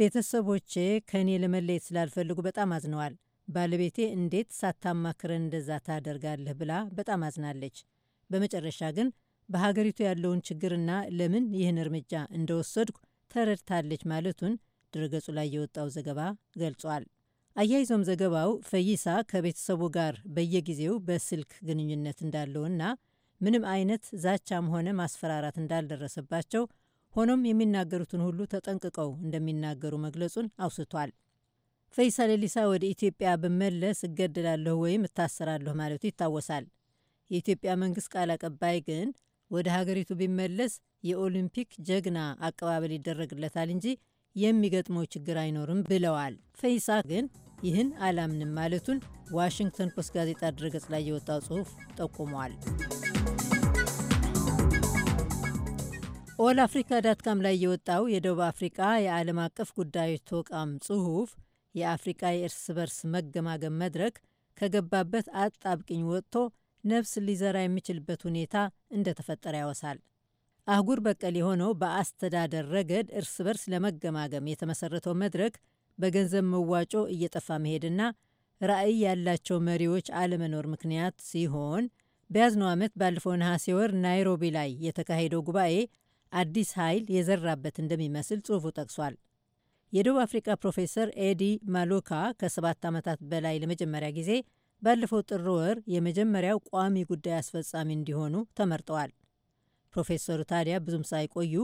S7: ቤተሰቦቼ ከእኔ ለመለየት ስላልፈልጉ በጣም አዝነዋል። ባለቤቴ እንዴት ሳታማክረን እንደዛ ታደርጋለህ ብላ በጣም አዝናለች። በመጨረሻ ግን በሀገሪቱ ያለውን ችግርና ለምን ይህን እርምጃ እንደወሰድኩ ተረድታለች ማለቱን ድረገጹ ላይ የወጣው ዘገባ ገልጿል። አያይዞም ዘገባው ፈይሳ ከቤተሰቡ ጋር በየጊዜው በስልክ ግንኙነት እንዳለውና ምንም አይነት ዛቻም ሆነ ማስፈራራት እንዳልደረሰባቸው ሆኖም የሚናገሩትን ሁሉ ተጠንቅቀው እንደሚናገሩ መግለጹን አውስቷል። ፈይሳ ሌሊሳ ወደ ኢትዮጵያ ብመለስ እገደላለሁ ወይም እታሰራለሁ ማለቱ ይታወሳል። የኢትዮጵያ መንግስት ቃል አቀባይ ግን ወደ ሀገሪቱ ቢመለስ የኦሊምፒክ ጀግና አቀባበል ይደረግለታል እንጂ የሚገጥመው ችግር አይኖርም ብለዋል። ፈይሳ ግን ይህን አላምንም ማለቱን ዋሽንግተን ፖስት ጋዜጣ ድረገጽ ላይ የወጣው ጽሑፍ ጠቁሟል። ኦል አፍሪካ ዳትካም ላይ የወጣው የደቡብ አፍሪቃ የዓለም አቀፍ ጉዳዮች ተቋም ጽሑፍ የአፍሪቃ የእርስ በርስ መገማገም መድረክ ከገባበት አጣብቅኝ ወጥቶ ነፍስ ሊዘራ የሚችልበት ሁኔታ እንደተፈጠረ ያወሳል። አህጉር በቀል የሆነው በአስተዳደር ረገድ እርስ በርስ ለመገማገም የተመሰረተው መድረክ በገንዘብ መዋጮ እየጠፋ መሄድና ራዕይ ያላቸው መሪዎች አለመኖር ምክንያት ሲሆን በያዝነው ዓመት ባለፈው ነሐሴ ወር ናይሮቢ ላይ የተካሄደው ጉባኤ አዲስ ኃይል የዘራበት እንደሚመስል ጽሑፉ ጠቅሷል። የደቡብ አፍሪካ ፕሮፌሰር ኤዲ ማሎካ ከሰባት ዓመታት በላይ ለመጀመሪያ ጊዜ ባለፈው ጥር ወር የመጀመሪያው ቋሚ ጉዳይ አስፈጻሚ እንዲሆኑ ተመርጠዋል። ፕሮፌሰሩ ታዲያ ብዙም ሳይቆዩ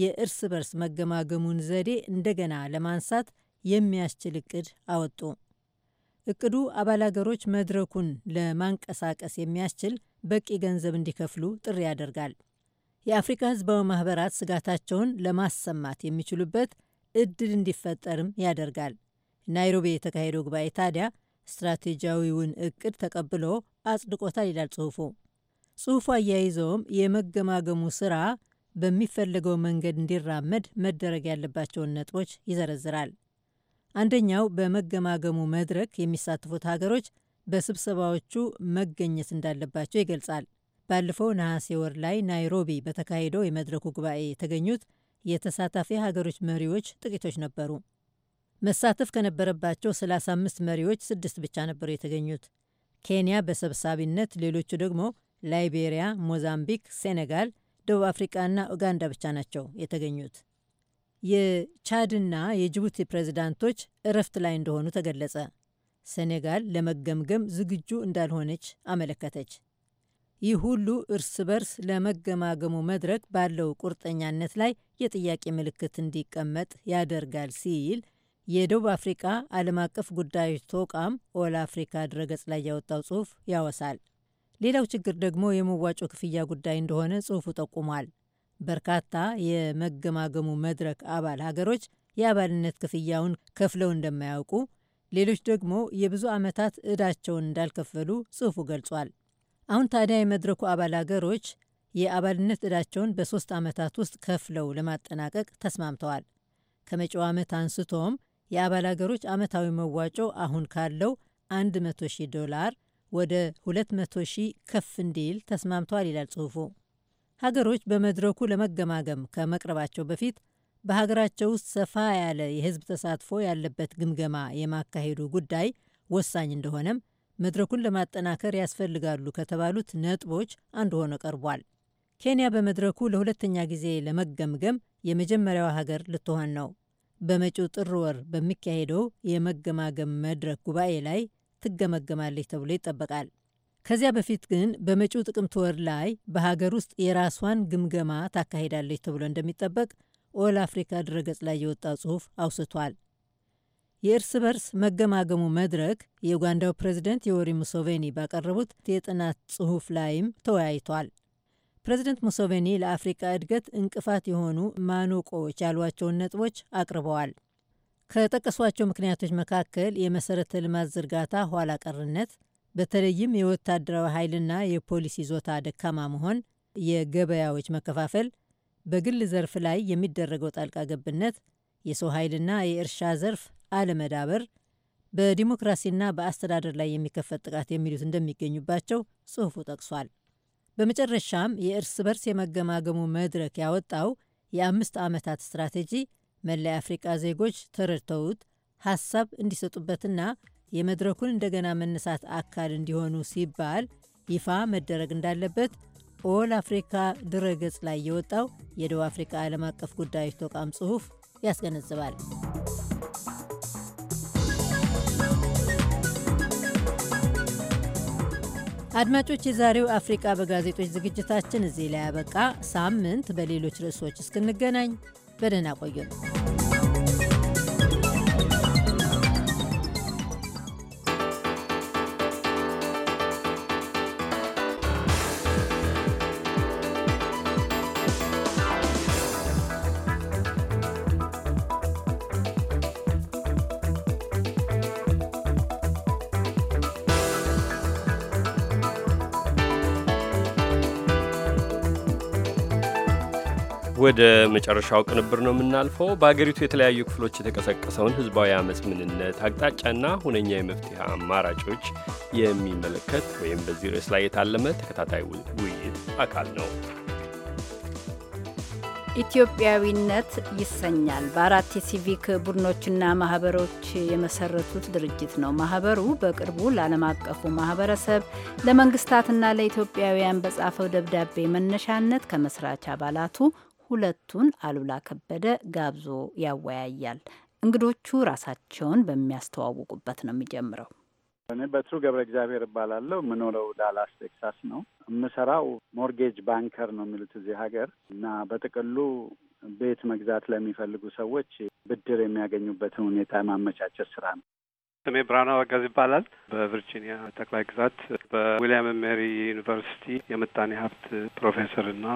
S7: የእርስ በርስ መገማገሙን ዘዴ እንደገና ለማንሳት የሚያስችል እቅድ አወጡ። እቅዱ አባል አገሮች መድረኩን ለማንቀሳቀስ የሚያስችል በቂ ገንዘብ እንዲከፍሉ ጥሪ ያደርጋል። የአፍሪካ ህዝባዊ ማህበራት ስጋታቸውን ለማሰማት የሚችሉበት እድል እንዲፈጠርም ያደርጋል። ናይሮቢ የተካሄደው ጉባኤ ታዲያ ስትራቴጂያዊውን እቅድ ተቀብሎ አጽድቆታል ይላል ጽሑፉ። ጽሑፉ አያይዘውም የመገማገሙ ስራ በሚፈለገው መንገድ እንዲራመድ መደረግ ያለባቸውን ነጥቦች ይዘረዝራል። አንደኛው በመገማገሙ መድረክ የሚሳተፉት ሀገሮች በስብሰባዎቹ መገኘት እንዳለባቸው ይገልጻል። ባለፈው ነሐሴ ወር ላይ ናይሮቢ በተካሄደው የመድረኩ ጉባኤ የተገኙት የተሳታፊ ሀገሮች መሪዎች ጥቂቶች ነበሩ። መሳተፍ ከነበረባቸው 35 መሪዎች ስድስት ብቻ ነበሩ የተገኙት። ኬንያ በሰብሳቢነት፣ ሌሎቹ ደግሞ ላይቤሪያ፣ ሞዛምቢክ፣ ሴኔጋል፣ ደቡብ አፍሪቃና ኡጋንዳ ብቻ ናቸው የተገኙት። የቻድና የጅቡቲ ፕሬዝዳንቶች እረፍት ላይ እንደሆኑ ተገለጸ። ሴኔጋል ለመገምገም ዝግጁ እንዳልሆነች አመለከተች። ይህ ሁሉ እርስ በርስ ለመገማገሙ መድረክ ባለው ቁርጠኛነት ላይ የጥያቄ ምልክት እንዲቀመጥ ያደርጋል ሲል የደቡብ አፍሪቃ ዓለም አቀፍ ጉዳዮች ተቋም ኦል አፍሪካ ድረገጽ ላይ ያወጣው ጽሑፍ ያወሳል። ሌላው ችግር ደግሞ የመዋጮ ክፍያ ጉዳይ እንደሆነ ጽሑፉ ጠቁሟል። በርካታ የመገማገሙ መድረክ አባል ሀገሮች የአባልነት ክፍያውን ከፍለው እንደማያውቁ፣ ሌሎች ደግሞ የብዙ ዓመታት ዕዳቸውን እንዳልከፈሉ ጽሑፉ ገልጿል። አሁን ታዲያ የመድረኩ አባል ሀገሮች የአባልነት ዕዳቸውን በሦስት ዓመታት ውስጥ ከፍለው ለማጠናቀቅ ተስማምተዋል። ከመጪው ዓመት አንስቶም የአባል ሀገሮች ዓመታዊ መዋጮ አሁን ካለው 100 ሺህ ዶላር ወደ 200 ሺህ ከፍ እንዲል ተስማምተዋል ይላል ጽሑፉ። ሀገሮች በመድረኩ ለመገማገም ከመቅረባቸው በፊት በሀገራቸው ውስጥ ሰፋ ያለ የህዝብ ተሳትፎ ያለበት ግምገማ የማካሄዱ ጉዳይ ወሳኝ እንደሆነም መድረኩን ለማጠናከር ያስፈልጋሉ ከተባሉት ነጥቦች አንዱ ሆኖ ቀርቧል። ኬንያ በመድረኩ ለሁለተኛ ጊዜ ለመገምገም የመጀመሪያዋ ሀገር ልትሆን ነው። በመጪው ጥር ወር በሚካሄደው የመገማገም መድረክ ጉባኤ ላይ ትገመገማለች ተብሎ ይጠበቃል። ከዚያ በፊት ግን በመጪው ጥቅምት ወር ላይ በሀገር ውስጥ የራሷን ግምገማ ታካሂዳለች ተብሎ እንደሚጠበቅ ኦል አፍሪካ ድረገጽ ላይ የወጣው ጽሑፍ አውስቷል። የእርስ በርስ መገማገሙ መድረክ የኡጋንዳው ፕሬዚደንት ዮዌሪ ሙሶቬኒ ባቀረቡት የጥናት ጽሑፍ ላይም ተወያይቷል። ፕሬዚደንት ሙሶቬኒ ለአፍሪቃ እድገት እንቅፋት የሆኑ ማነቆዎች ያሏቸውን ነጥቦች አቅርበዋል። ከጠቀሷቸው ምክንያቶች መካከል የመሰረተ ልማት ዝርጋታ ኋላ ቀርነት፣ በተለይም የወታደራዊ ኃይልና የፖሊስ ይዞታ ደካማ መሆን፣ የገበያዎች መከፋፈል፣ በግል ዘርፍ ላይ የሚደረገው ጣልቃ ገብነት፣ የሰው ኃይልና የእርሻ ዘርፍ አለመዳበር፣ በዲሞክራሲና በአስተዳደር ላይ የሚከፈት ጥቃት የሚሉት እንደሚገኙባቸው ጽሑፉ ጠቅሷል። በመጨረሻም የእርስ በርስ የመገማገሙ መድረክ ያወጣው የአምስት ዓመታት ስትራቴጂ መላይ አፍሪቃ ዜጎች ተረድተውት ሀሳብ እንዲሰጡበትና የመድረኩን እንደገና መነሳት አካል እንዲሆኑ ሲባል ይፋ መደረግ እንዳለበት ኦል አፍሪካ ድረገጽ ላይ የወጣው የደቡብ አፍሪካ ዓለም አቀፍ ጉዳዮች ተቋም ጽሑፍ ያስገነዝባል። አድማጮች፣ የዛሬው አፍሪቃ በጋዜጦች ዝግጅታችን እዚህ ላይ ያበቃ። ሳምንት በሌሎች ርዕሶች እስክንገናኝ በደህና ቆዩ ነው።
S2: ወደ መጨረሻው ቅንብር ነው የምናልፈው። በአገሪቱ የተለያዩ ክፍሎች የተቀሰቀሰውን ህዝባዊ አመፅ ምንነት፣ አቅጣጫና ሁነኛ የመፍትሄ አማራጮች የሚመለከት ወይም በዚህ ርዕስ ላይ የታለመ ተከታታይ ውይይት አካል ነው።
S1: ኢትዮጵያዊነት ይሰኛል። በአራት የሲቪክ ቡድኖችና ማህበሮች የመሰረቱት ድርጅት ነው። ማህበሩ በቅርቡ ለዓለም አቀፉ ማህበረሰብ ለመንግስታትና ለኢትዮጵያውያን በጻፈው ደብዳቤ መነሻነት ከመስራች አባላቱ ሁለቱን አሉላ ከበደ ጋብዞ ያወያያል። እንግዶቹ ራሳቸውን በሚያስተዋውቁበት ነው የሚጀምረው።
S10: እኔ በትሩ ገብረ እግዚአብሔር እባላለሁ። የምኖረው ዳላስ ቴክሳስ ነው። የምሰራው ሞርጌጅ ባንከር ነው የሚሉት እዚህ ሀገር እና በጥቅሉ ቤት መግዛት ለሚፈልጉ ሰዎች ብድር የሚያገኙበትን ሁኔታ የማመቻቸት ስራ ነው።
S9: ስሜ ብርሃኑ አበጋዝ ይባላል። በቨርጂኒያ ጠቅላይ ግዛት በዊልያም ሜሪ ዩኒቨርሲቲ የምጣኔ ሀብት ፕሮፌሰርና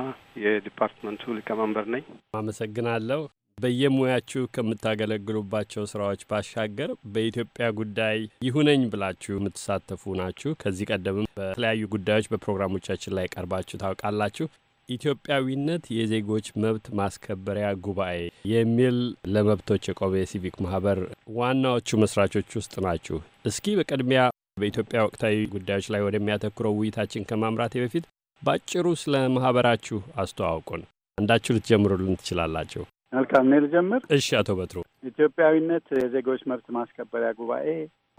S9: የዲፓርትመንቱ ሊቀመንበር ነኝ።
S2: አመሰግናለሁ። በየሙያችሁ ከምታገለግሉባቸው ስራዎች ባሻገር በኢትዮጵያ ጉዳይ ይሁነኝ ብላችሁ የምትሳተፉ ናችሁ። ከዚህ ቀደምም በተለያዩ ጉዳዮች በፕሮግራሞቻችን ላይ ቀርባችሁ ታውቃላችሁ። ኢትዮጵያዊነት የዜጎች መብት ማስከበሪያ ጉባኤ የሚል ለመብቶች የቆመ የሲቪክ ማህበር ዋናዎቹ መስራቾች ውስጥ ናችሁ። እስኪ በቅድሚያ በኢትዮጵያ ወቅታዊ ጉዳዮች ላይ ወደሚያተኩረው ውይይታችን ከማምራቴ በፊት ባጭሩ ስለ ማህበራችሁ አስተዋውቁን። አንዳችሁ ልትጀምሩልን ትችላላችሁ። መልካም፣ ኔ ልጀምር። እሺ፣ አቶ በትሩ
S10: ኢትዮጵያዊነት የዜጎች መብት ማስከበሪያ ጉባኤ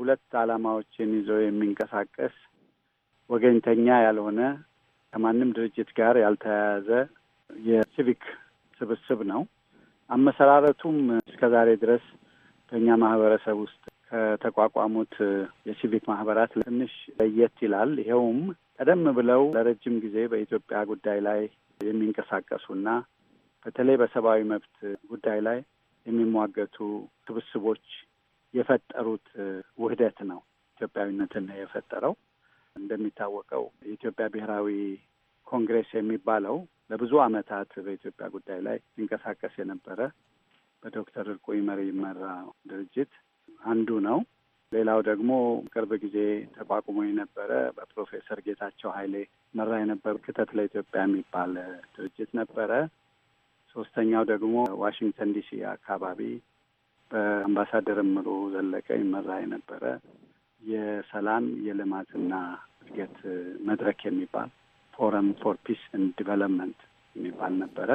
S10: ሁለት ዓላማዎችን ይዞ የሚንቀሳቀስ ወገኝተኛ ያልሆነ ከማንም ድርጅት ጋር ያልተያያዘ የሲቪክ ስብስብ ነው። አመሰራረቱም እስከ ዛሬ ድረስ በእኛ ማህበረሰብ ውስጥ ከተቋቋሙት የሲቪክ ማህበራት ትንሽ ለየት ይላል። ይኸውም ቀደም ብለው ለረጅም ጊዜ በኢትዮጵያ ጉዳይ ላይ የሚንቀሳቀሱና በተለይ በሰብአዊ መብት ጉዳይ ላይ የሚሟገቱ ስብስቦች የፈጠሩት ውህደት ነው። ኢትዮጵያዊነትን የፈጠረው እንደሚታወቀው የኢትዮጵያ ብሔራዊ ኮንግሬስ የሚባለው ለብዙ ዓመታት በኢትዮጵያ ጉዳይ ላይ ሲንቀሳቀስ የነበረ በዶክተር እርቁ መሪ ይመራ ድርጅት አንዱ ነው። ሌላው ደግሞ ቅርብ ጊዜ ተቋቁሞ የነበረ በፕሮፌሰር ጌታቸው ኃይሌ መራ የነበረ ክተት ለኢትዮጵያ የሚባል ድርጅት ነበረ። ሶስተኛው ደግሞ ዋሽንግተን ዲሲ አካባቢ በአምባሳደር እምሩ ዘለቀ ይመራ የነበረ የሰላም የልማትና
S9: እድገት መድረክ
S10: የሚባል ፎረም ፎር ፒስ ኤንድ ዲቨሎፕመንት የሚባል ነበረ።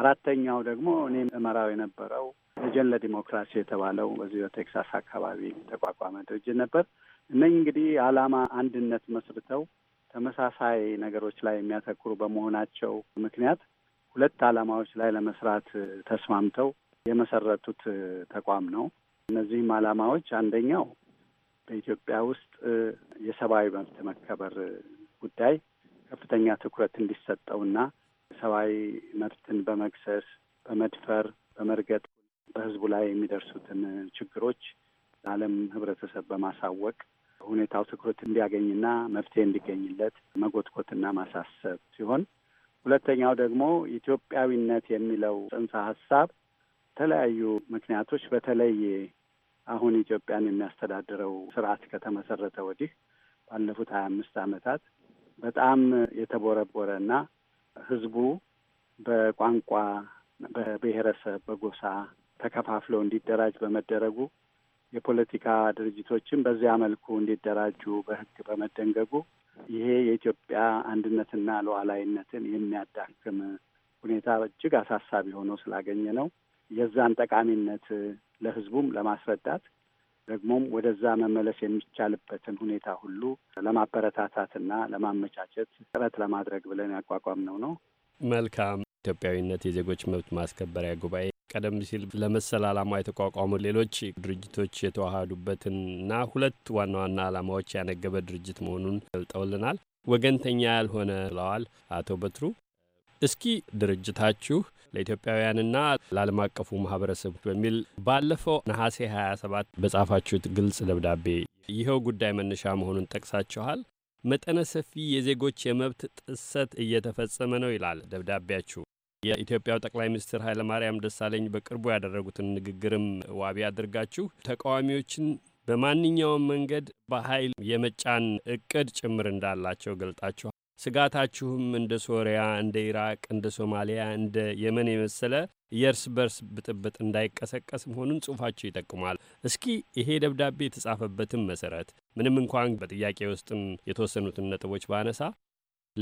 S10: አራተኛው ደግሞ እኔ እመራው የነበረው ደጀን ለዲሞክራሲ የተባለው በዚህ በቴክሳስ አካባቢ የተቋቋመ ድርጅት ነበር። እነኝህ እንግዲህ አላማ አንድነት መስርተው ተመሳሳይ ነገሮች ላይ የሚያተኩሩ በመሆናቸው ምክንያት ሁለት አላማዎች ላይ ለመስራት ተስማምተው የመሰረቱት ተቋም ነው። እነዚህም አላማዎች አንደኛው በኢትዮጵያ ውስጥ የሰብአዊ መብት መከበር ጉዳይ ከፍተኛ ትኩረት እንዲሰጠውና ሰብአዊ መብትን በመግሰስ በመድፈር፣ በመርገጥ በህዝቡ ላይ የሚደርሱትን ችግሮች ለዓለም ህብረተሰብ በማሳወቅ ሁኔታው ትኩረት እንዲያገኝና መፍትሄ እንዲገኝለት መጎትኮትና ማሳሰብ ሲሆን ሁለተኛው ደግሞ ኢትዮጵያዊነት የሚለው ጽንሰ ሀሳብ የተለያዩ ምክንያቶች በተለይ አሁን ኢትዮጵያን የሚያስተዳድረው ስርዓት ከተመሰረተ ወዲህ ባለፉት ሀያ አምስት አመታት በጣም የተቦረቦረ እና ህዝቡ በቋንቋ፣ በብሔረሰብ፣ በጎሳ ተከፋፍሎ እንዲደራጅ በመደረጉ የፖለቲካ ድርጅቶችን በዚያ መልኩ እንዲደራጁ በህግ በመደንገጉ ይሄ የኢትዮጵያ አንድነትና ሉዓላዊነትን የሚያዳክም ሁኔታ እጅግ አሳሳቢ ሆኖ ስላገኘ ነው የዛን ጠቃሚነት ለህዝቡም ለማስረዳት ደግሞም ወደዛ መመለስ የሚቻልበትን ሁኔታ ሁሉ ለማበረታታትና ለማመቻቸት ጥረት ለማድረግ ብለን ያቋቋምነው ነው።
S2: መልካም ኢትዮጵያዊነት የዜጎች መብት ማስከበሪያ ጉባኤ ቀደም ሲል ለመሰል ዓላማ የተቋቋሙ ሌሎች ድርጅቶች የተዋሃዱበትንና ሁለት ዋና ዋና ዓላማዎች ያነገበ ድርጅት መሆኑን ገልጠውልናል። ወገንተኛ ያልሆነ ብለዋል አቶ በትሩ። እስኪ ድርጅታችሁ ለኢትዮጵያውያንና ለዓለም አቀፉ ማህበረሰብ በሚል ባለፈው ነሐሴ 27 በጻፋችሁት ግልጽ ደብዳቤ ይኸው ጉዳይ መነሻ መሆኑን ጠቅሳችኋል። መጠነ ሰፊ የዜጎች የመብት ጥሰት እየተፈጸመ ነው ይላል ደብዳቤያችሁ። የኢትዮጵያው ጠቅላይ ሚኒስትር ኃይለማርያም ደሳለኝ በቅርቡ ያደረጉትን ንግግርም ዋቢ አድርጋችሁ ተቃዋሚዎችን በማንኛውም መንገድ በኃይል የመጫን እቅድ ጭምር እንዳላቸው ገልጣችሁ ስጋታችሁም እንደ ሶሪያ፣ እንደ ኢራቅ፣ እንደ ሶማሊያ፣ እንደ የመን የመሰለ የእርስ በርስ ብጥብጥ እንዳይቀሰቀስ መሆኑን ጽሁፋቸው ይጠቁማል። እስኪ ይሄ ደብዳቤ የተጻፈበትን መሰረት ምንም እንኳን በጥያቄ ውስጥም የተወሰኑትን ነጥቦች ባነሳ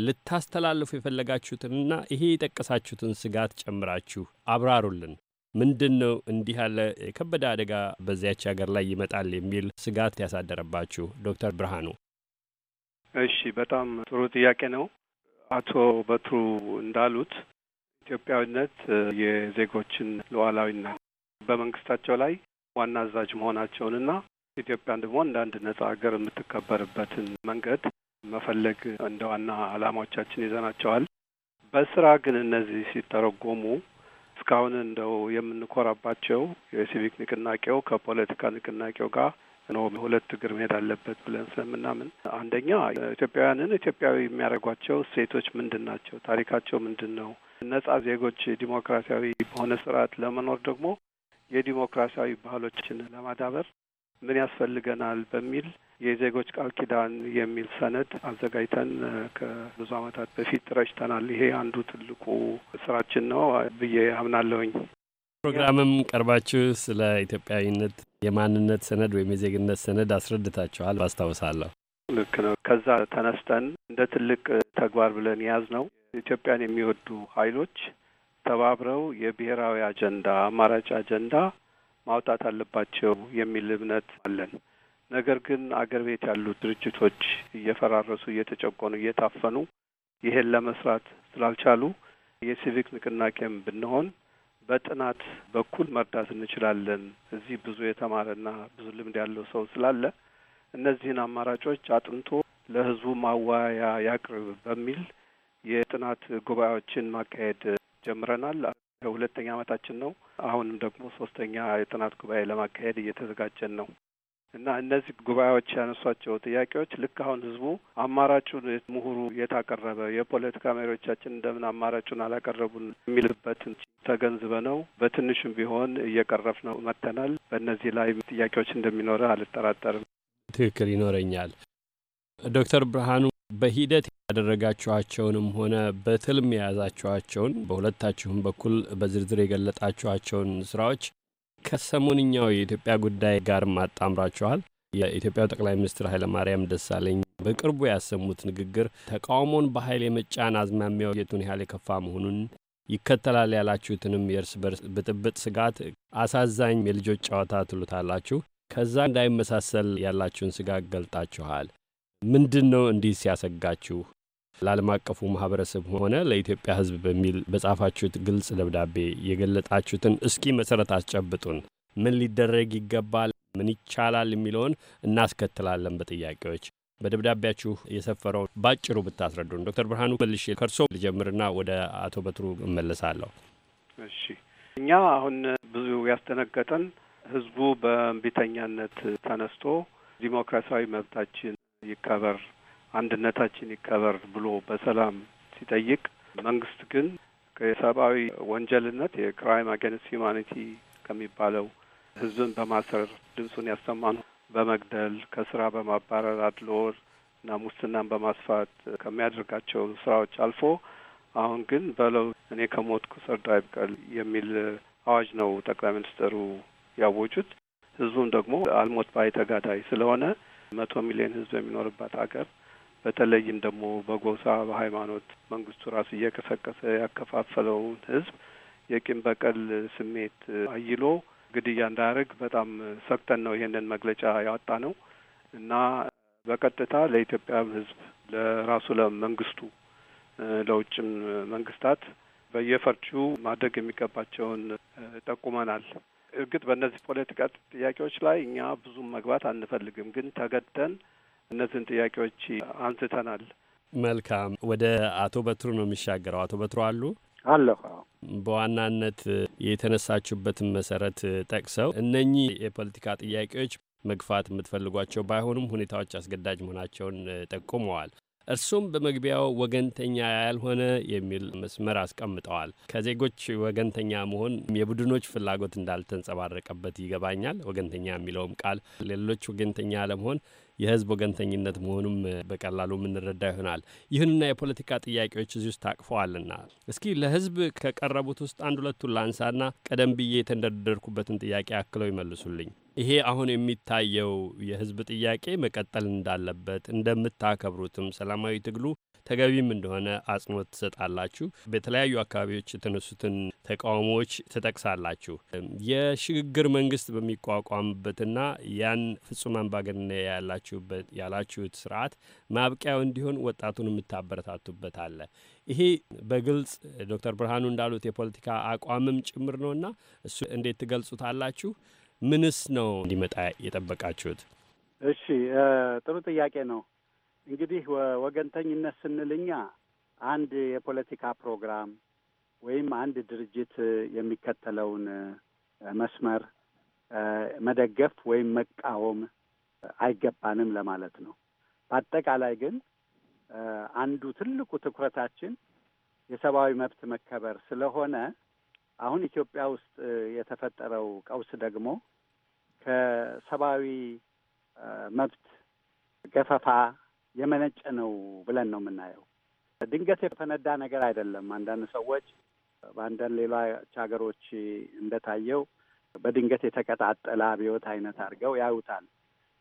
S2: ልታስተላልፉ የፈለጋችሁትንና ይሄ የጠቀሳችሁትን ስጋት ጨምራችሁ አብራሩልን። ምንድን ነው እንዲህ ያለ የከበደ አደጋ በዚያች ሀገር ላይ ይመጣል የሚል ስጋት ያሳደረባችሁ? ዶክተር ብርሃኑ
S9: እሺ፣ በጣም ጥሩ ጥያቄ ነው። አቶ በትሩ እንዳሉት ኢትዮጵያዊነት የዜጎችን ሉዓላዊነት በመንግስታቸው ላይ ዋና አዛዥ መሆናቸውንና ኢትዮጵያን ደግሞ እንደ አንድ ነጻ ሀገር የምትከበርበትን መንገድ መፈለግ እንደ ዋና አላማዎቻችን ይዘናቸዋል። በስራ ግን እነዚህ ሲተረጎሙ እስካሁን እንደው የምንኮራባቸው የሲቪክ ንቅናቄው ከፖለቲካ ንቅናቄው ጋር ነው ሁለት እግር መሄድ አለበት ብለን ስለምናምን፣ አንደኛ ኢትዮጵያውያንን ኢትዮጵያዊ የሚያደርጓቸው እሴቶች ምንድን ናቸው? ታሪካቸው ምንድን ነው? ነጻ ዜጎች ዲሞክራሲያዊ በሆነ ስርዓት ለመኖር ደግሞ የዲሞክራሲያዊ ባህሎችን ለማዳበር ምን ያስፈልገናል በሚል የዜጎች ቃል ኪዳን የሚል ሰነድ አዘጋጅተን ከብዙ ዓመታት በፊት ረጭተናል። ይሄ አንዱ ትልቁ ስራችን ነው ብዬ አምናለሁኝ።
S2: ፕሮግራምም ቀርባችሁ ስለ ኢትዮጵያዊነት የማንነት ሰነድ ወይም የዜግነት ሰነድ አስረድታችኋል አስታውሳለሁ።
S9: ልክ ነው። ከዛ ተነስተን እንደ ትልቅ ተግባር ብለን የያዝ ነው ኢትዮጵያን የሚወዱ ኃይሎች ተባብረው የብሔራዊ አጀንዳ አማራጭ አጀንዳ ማውጣት አለባቸው የሚል እምነት አለን። ነገር ግን አገር ቤት ያሉት ድርጅቶች እየፈራረሱ፣ እየተጨቆኑ፣ እየታፈኑ ይሄን ለመስራት ስላልቻሉ የሲቪክ ንቅናቄም ብንሆን በጥናት በኩል መርዳት እንችላለን። እዚህ ብዙ የተማረና ብዙ ልምድ ያለው ሰው ስላለ እነዚህን አማራጮች አጥንቶ ለህዝቡ ማዋያ ያቅርብ በሚል የጥናት ጉባኤዎችን ማካሄድ ጀምረናል። ሁለተኛ አመታችን ነው። አሁንም ደግሞ ሶስተኛ የጥናት ጉባኤ ለማካሄድ እየተዘጋጀን ነው። እና እነዚህ ጉባኤዎች ያነሷቸው ጥያቄዎች ልክ አሁን ህዝቡ አማራጩን ምሁሩ የታቀረበ የፖለቲካ መሪዎቻችን እንደምን አማራጩን አላቀረቡን የሚልበትን ተገንዝበ ነው በትንሹም ቢሆን እየቀረፍ ነው መጥተናል። በእነዚህ ላይ ጥያቄዎች እንደሚኖረ አልጠራጠርም።
S2: ትክክል ይኖረኛል። ዶክተር ብርሃኑ በሂደት ያደረጋችኋቸውንም ሆነ በትልም የያዛችኋቸውን በሁለታችሁም በኩል በዝርዝር የገለጣችኋቸውን ስራዎች ከሰሞንኛው የኢትዮጵያ ጉዳይ ጋርም ማጣምራችኋል። የኢትዮጵያው ጠቅላይ ሚኒስትር ኃይለማርያም ደሳለኝ በቅርቡ ያሰሙት ንግግር ተቃውሞን በኃይል የመጫን አዝማሚያው የቱን ያህል የከፋ መሆኑን ይከተላል ያላችሁትንም የእርስ በርስ ብጥብጥ ስጋት አሳዛኝ የልጆች ጨዋታ ትሉታላችሁ። ከዛ እንዳይመሳሰል ያላችሁን ስጋት ገልጣችኋል። ምንድን ነው እንዲህ ሲያሰጋችሁ ለዓለም አቀፉ ማህበረሰብ ሆነ ለኢትዮጵያ ሕዝብ በሚል በጻፋችሁት ግልጽ ደብዳቤ የገለጣችሁትን እስኪ መሰረት አስጨብጡን። ምን ሊደረግ ይገባል፣ ምን ይቻላል የሚለውን እናስከትላለን በጥያቄዎች በደብዳቤያችሁ የሰፈረው ባጭሩ ብታስረዱን። ዶክተር ብርሃኑ መልሼ ከርሶ ልጀምርና ወደ አቶ በትሩ እመለሳለሁ። እሺ፣
S9: እኛ አሁን ብዙ ያስደነገጠን ህዝቡ በእምቢተኛነት ተነስቶ ዲሞክራሲያዊ መብታችን ይከበር አንድነታችን ይከበር ብሎ በሰላም ሲጠይቅ መንግስት ግን ከሰብአዊ ወንጀልነት የክራይም አጌንስት ሂውማኒቲ ከሚባለው ህዝብን በማሰር ድምፁን ያሰማን በመግደል ከስራ በማባረር አድሎ እና ሙስናን በማስፋት ከሚያደርጋቸው ስራዎች አልፎ አሁን ግን በለው እኔ ከሞትኩ ሰርዶ አይብቀል የሚል አዋጅ ነው ጠቅላይ ሚኒስትሩ ያወጁት። ህዝቡም ደግሞ አልሞት ባይ ተጋዳይ ስለሆነ መቶ ሚሊዮን ህዝብ የሚኖርባት ሀገር በተለይም ደግሞ በጎሳ በሃይማኖት መንግስቱ ራሱ እየቀሰቀሰ ያከፋፈለውን ህዝብ የቂም በቀል ስሜት አይሎ ግድያ እንዳያደርግ በጣም ሰግተን ነው ይሄንን መግለጫ ያወጣ ነው እና በቀጥታ ለኢትዮጵያ ህዝብ ለራሱ ለመንግስቱ ለውጭም መንግስታት በየፈርቹ ማድረግ የሚገባቸውን ጠቁመናል። እርግጥ በእነዚህ ፖለቲካ ጥያቄዎች ላይ እኛ ብዙም መግባት አንፈልግም፣ ግን ተገደን እነዚህን ጥያቄዎች አንስተናል።
S2: መልካም ወደ አቶ በትሩ ነው የሚሻገረው። አቶ በትሩ አሉ አለሁ በዋናነት የተነሳችሁበትን መሰረት ጠቅሰው እነኚህ የፖለቲካ ጥያቄዎች መግፋት የምትፈልጓቸው ባይሆኑም ሁኔታዎች አስገዳጅ መሆናቸውን ጠቁመዋል። እርሱም በመግቢያው ወገንተኛ ያልሆነ የሚል መስመር አስቀምጠዋል። ከዜጎች ወገንተኛ መሆን የቡድኖች ፍላጎት እንዳልተንጸባረቀበት ይገባኛል። ወገንተኛ የሚለውም ቃል ሌሎች ወገንተኛ ለመሆን የህዝብ ወገንተኝነት መሆኑም በቀላሉ የምንረዳ ይሆናል። ይህንና የፖለቲካ ጥያቄዎች እዚህ ውስጥ ታቅፈዋልና እስኪ ለህዝብ ከቀረቡት ውስጥ አንድ ሁለቱን ላንሳና ቀደም ብዬ የተንደረደርኩበትን ጥያቄ አክለው ይመልሱልኝ። ይሄ አሁን የሚታየው የህዝብ ጥያቄ መቀጠል እንዳለበት እንደምታከብሩትም ሰላማዊ ትግሉ ተገቢም እንደሆነ አጽንኦት ትሰጣላችሁ። በተለያዩ አካባቢዎች የተነሱትን ተቃውሞዎች ትጠቅሳላችሁ። የሽግግር መንግስት በሚቋቋምበትና ያን ፍጹም አምባገነን ያላችሁበት ያላችሁት ስርዓት ማብቂያው እንዲሆን ወጣቱን የምታበረታቱበት አለ። ይሄ በግልጽ ዶክተር ብርሃኑ እንዳሉት የፖለቲካ አቋምም ጭምር ነውና እሱ እንዴት ትገልጹታላችሁ? ምንስ ነው እንዲመጣ የጠበቃችሁት?
S10: እሺ ጥሩ ጥያቄ ነው። እንግዲህ ወገንተኝነት ስንልኛ አንድ የፖለቲካ ፕሮግራም ወይም አንድ ድርጅት የሚከተለውን መስመር መደገፍ ወይም መቃወም አይገባንም ለማለት ነው። በአጠቃላይ ግን አንዱ ትልቁ ትኩረታችን የሰብአዊ መብት መከበር ስለሆነ አሁን ኢትዮጵያ ውስጥ የተፈጠረው ቀውስ ደግሞ ከሰብአዊ መብት ገፈፋ የመነጨ ነው ብለን ነው የምናየው። ድንገት የፈነዳ ነገር አይደለም። አንዳንድ ሰዎች በአንዳንድ ሌሎች ሀገሮች እንደታየው በድንገት የተቀጣጠለ አብዮት አይነት አድርገው ያዩታል።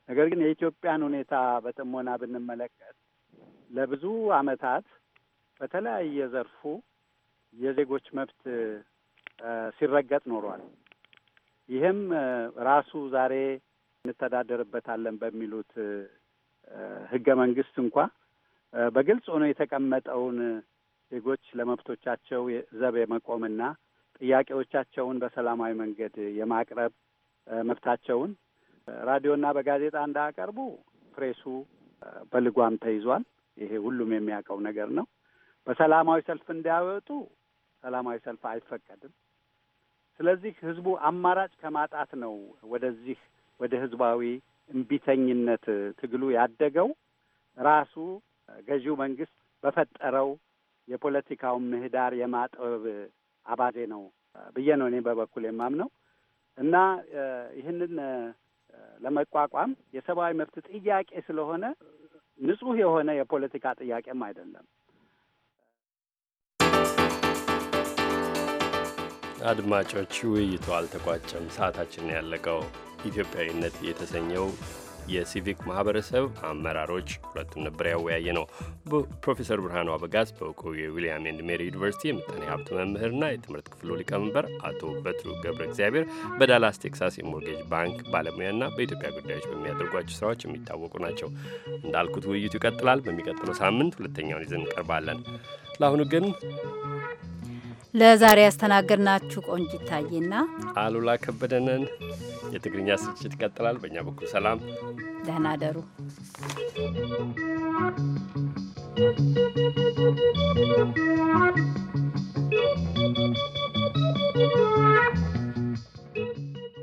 S10: ነገር ግን የኢትዮጵያን ሁኔታ በጥሞና ብንመለከት ለብዙ ዓመታት በተለያየ ዘርፉ የዜጎች መብት ሲረገጥ ኖሯል። ይህም ራሱ ዛሬ እንተዳደርበታለን በሚሉት ህገ መንግስት እንኳ በግልጽ ሆኖ የተቀመጠውን ዜጎች ለመብቶቻቸው ዘብ የመቆምና ጥያቄዎቻቸውን በሰላማዊ መንገድ የማቅረብ መብታቸውን ራዲዮና በጋዜጣ እንዳያቀርቡ ፕሬሱ በልጓም ተይዟል። ይሄ ሁሉም የሚያውቀው ነገር ነው። በሰላማዊ ሰልፍ እንዳይወጡ ሰላማዊ ሰልፍ አይፈቀድም። ስለዚህ ህዝቡ አማራጭ ከማጣት ነው ወደዚህ ወደ ህዝባዊ እምቢተኝነት ትግሉ ያደገው ራሱ ገዢው መንግስት በፈጠረው የፖለቲካውን ምህዳር የማጥበብ አባዜ ነው ብዬ ነው እኔ በበኩል የማምነው እና ይህንን ለመቋቋም የሰብአዊ መብት ጥያቄ ስለሆነ ንጹህ የሆነ የፖለቲካ ጥያቄም አይደለም።
S2: አድማጮች፣ ውይይቱ አልተቋጨም፣ ሰዓታችን ያለቀው ኢትዮጵያዊነት የተሰኘው የሲቪክ ማህበረሰብ አመራሮች ሁለቱን ነበር ያወያየ ነው። ፕሮፌሰር ብርሃኑ አበጋዝ በእውቁ የዊሊያም ኤንድ ሜሪ ዩኒቨርሲቲ የምጣኔ ሀብት መምህርና የትምህርት ክፍሉ ሊቀመንበር፣ አቶ በትሩ ገብረ እግዚአብሔር በዳላስ ቴክሳስ የሞርጌጅ ባንክ ባለሙያና በኢትዮጵያ ጉዳዮች በሚያደርጓቸው ስራዎች የሚታወቁ ናቸው። እንዳልኩት ውይይቱ ይቀጥላል። በሚቀጥለው ሳምንት ሁለተኛውን ይዘን እንቀርባለን። ለአሁኑ ግን
S1: ለዛሬ ያስተናገድናችሁ ቆንጅ ይታየና
S2: አሉላ ከበደንን። የትግርኛ ስርጭት ይቀጥላል። በእኛ በኩል ሰላም፣
S1: ደህና
S13: you.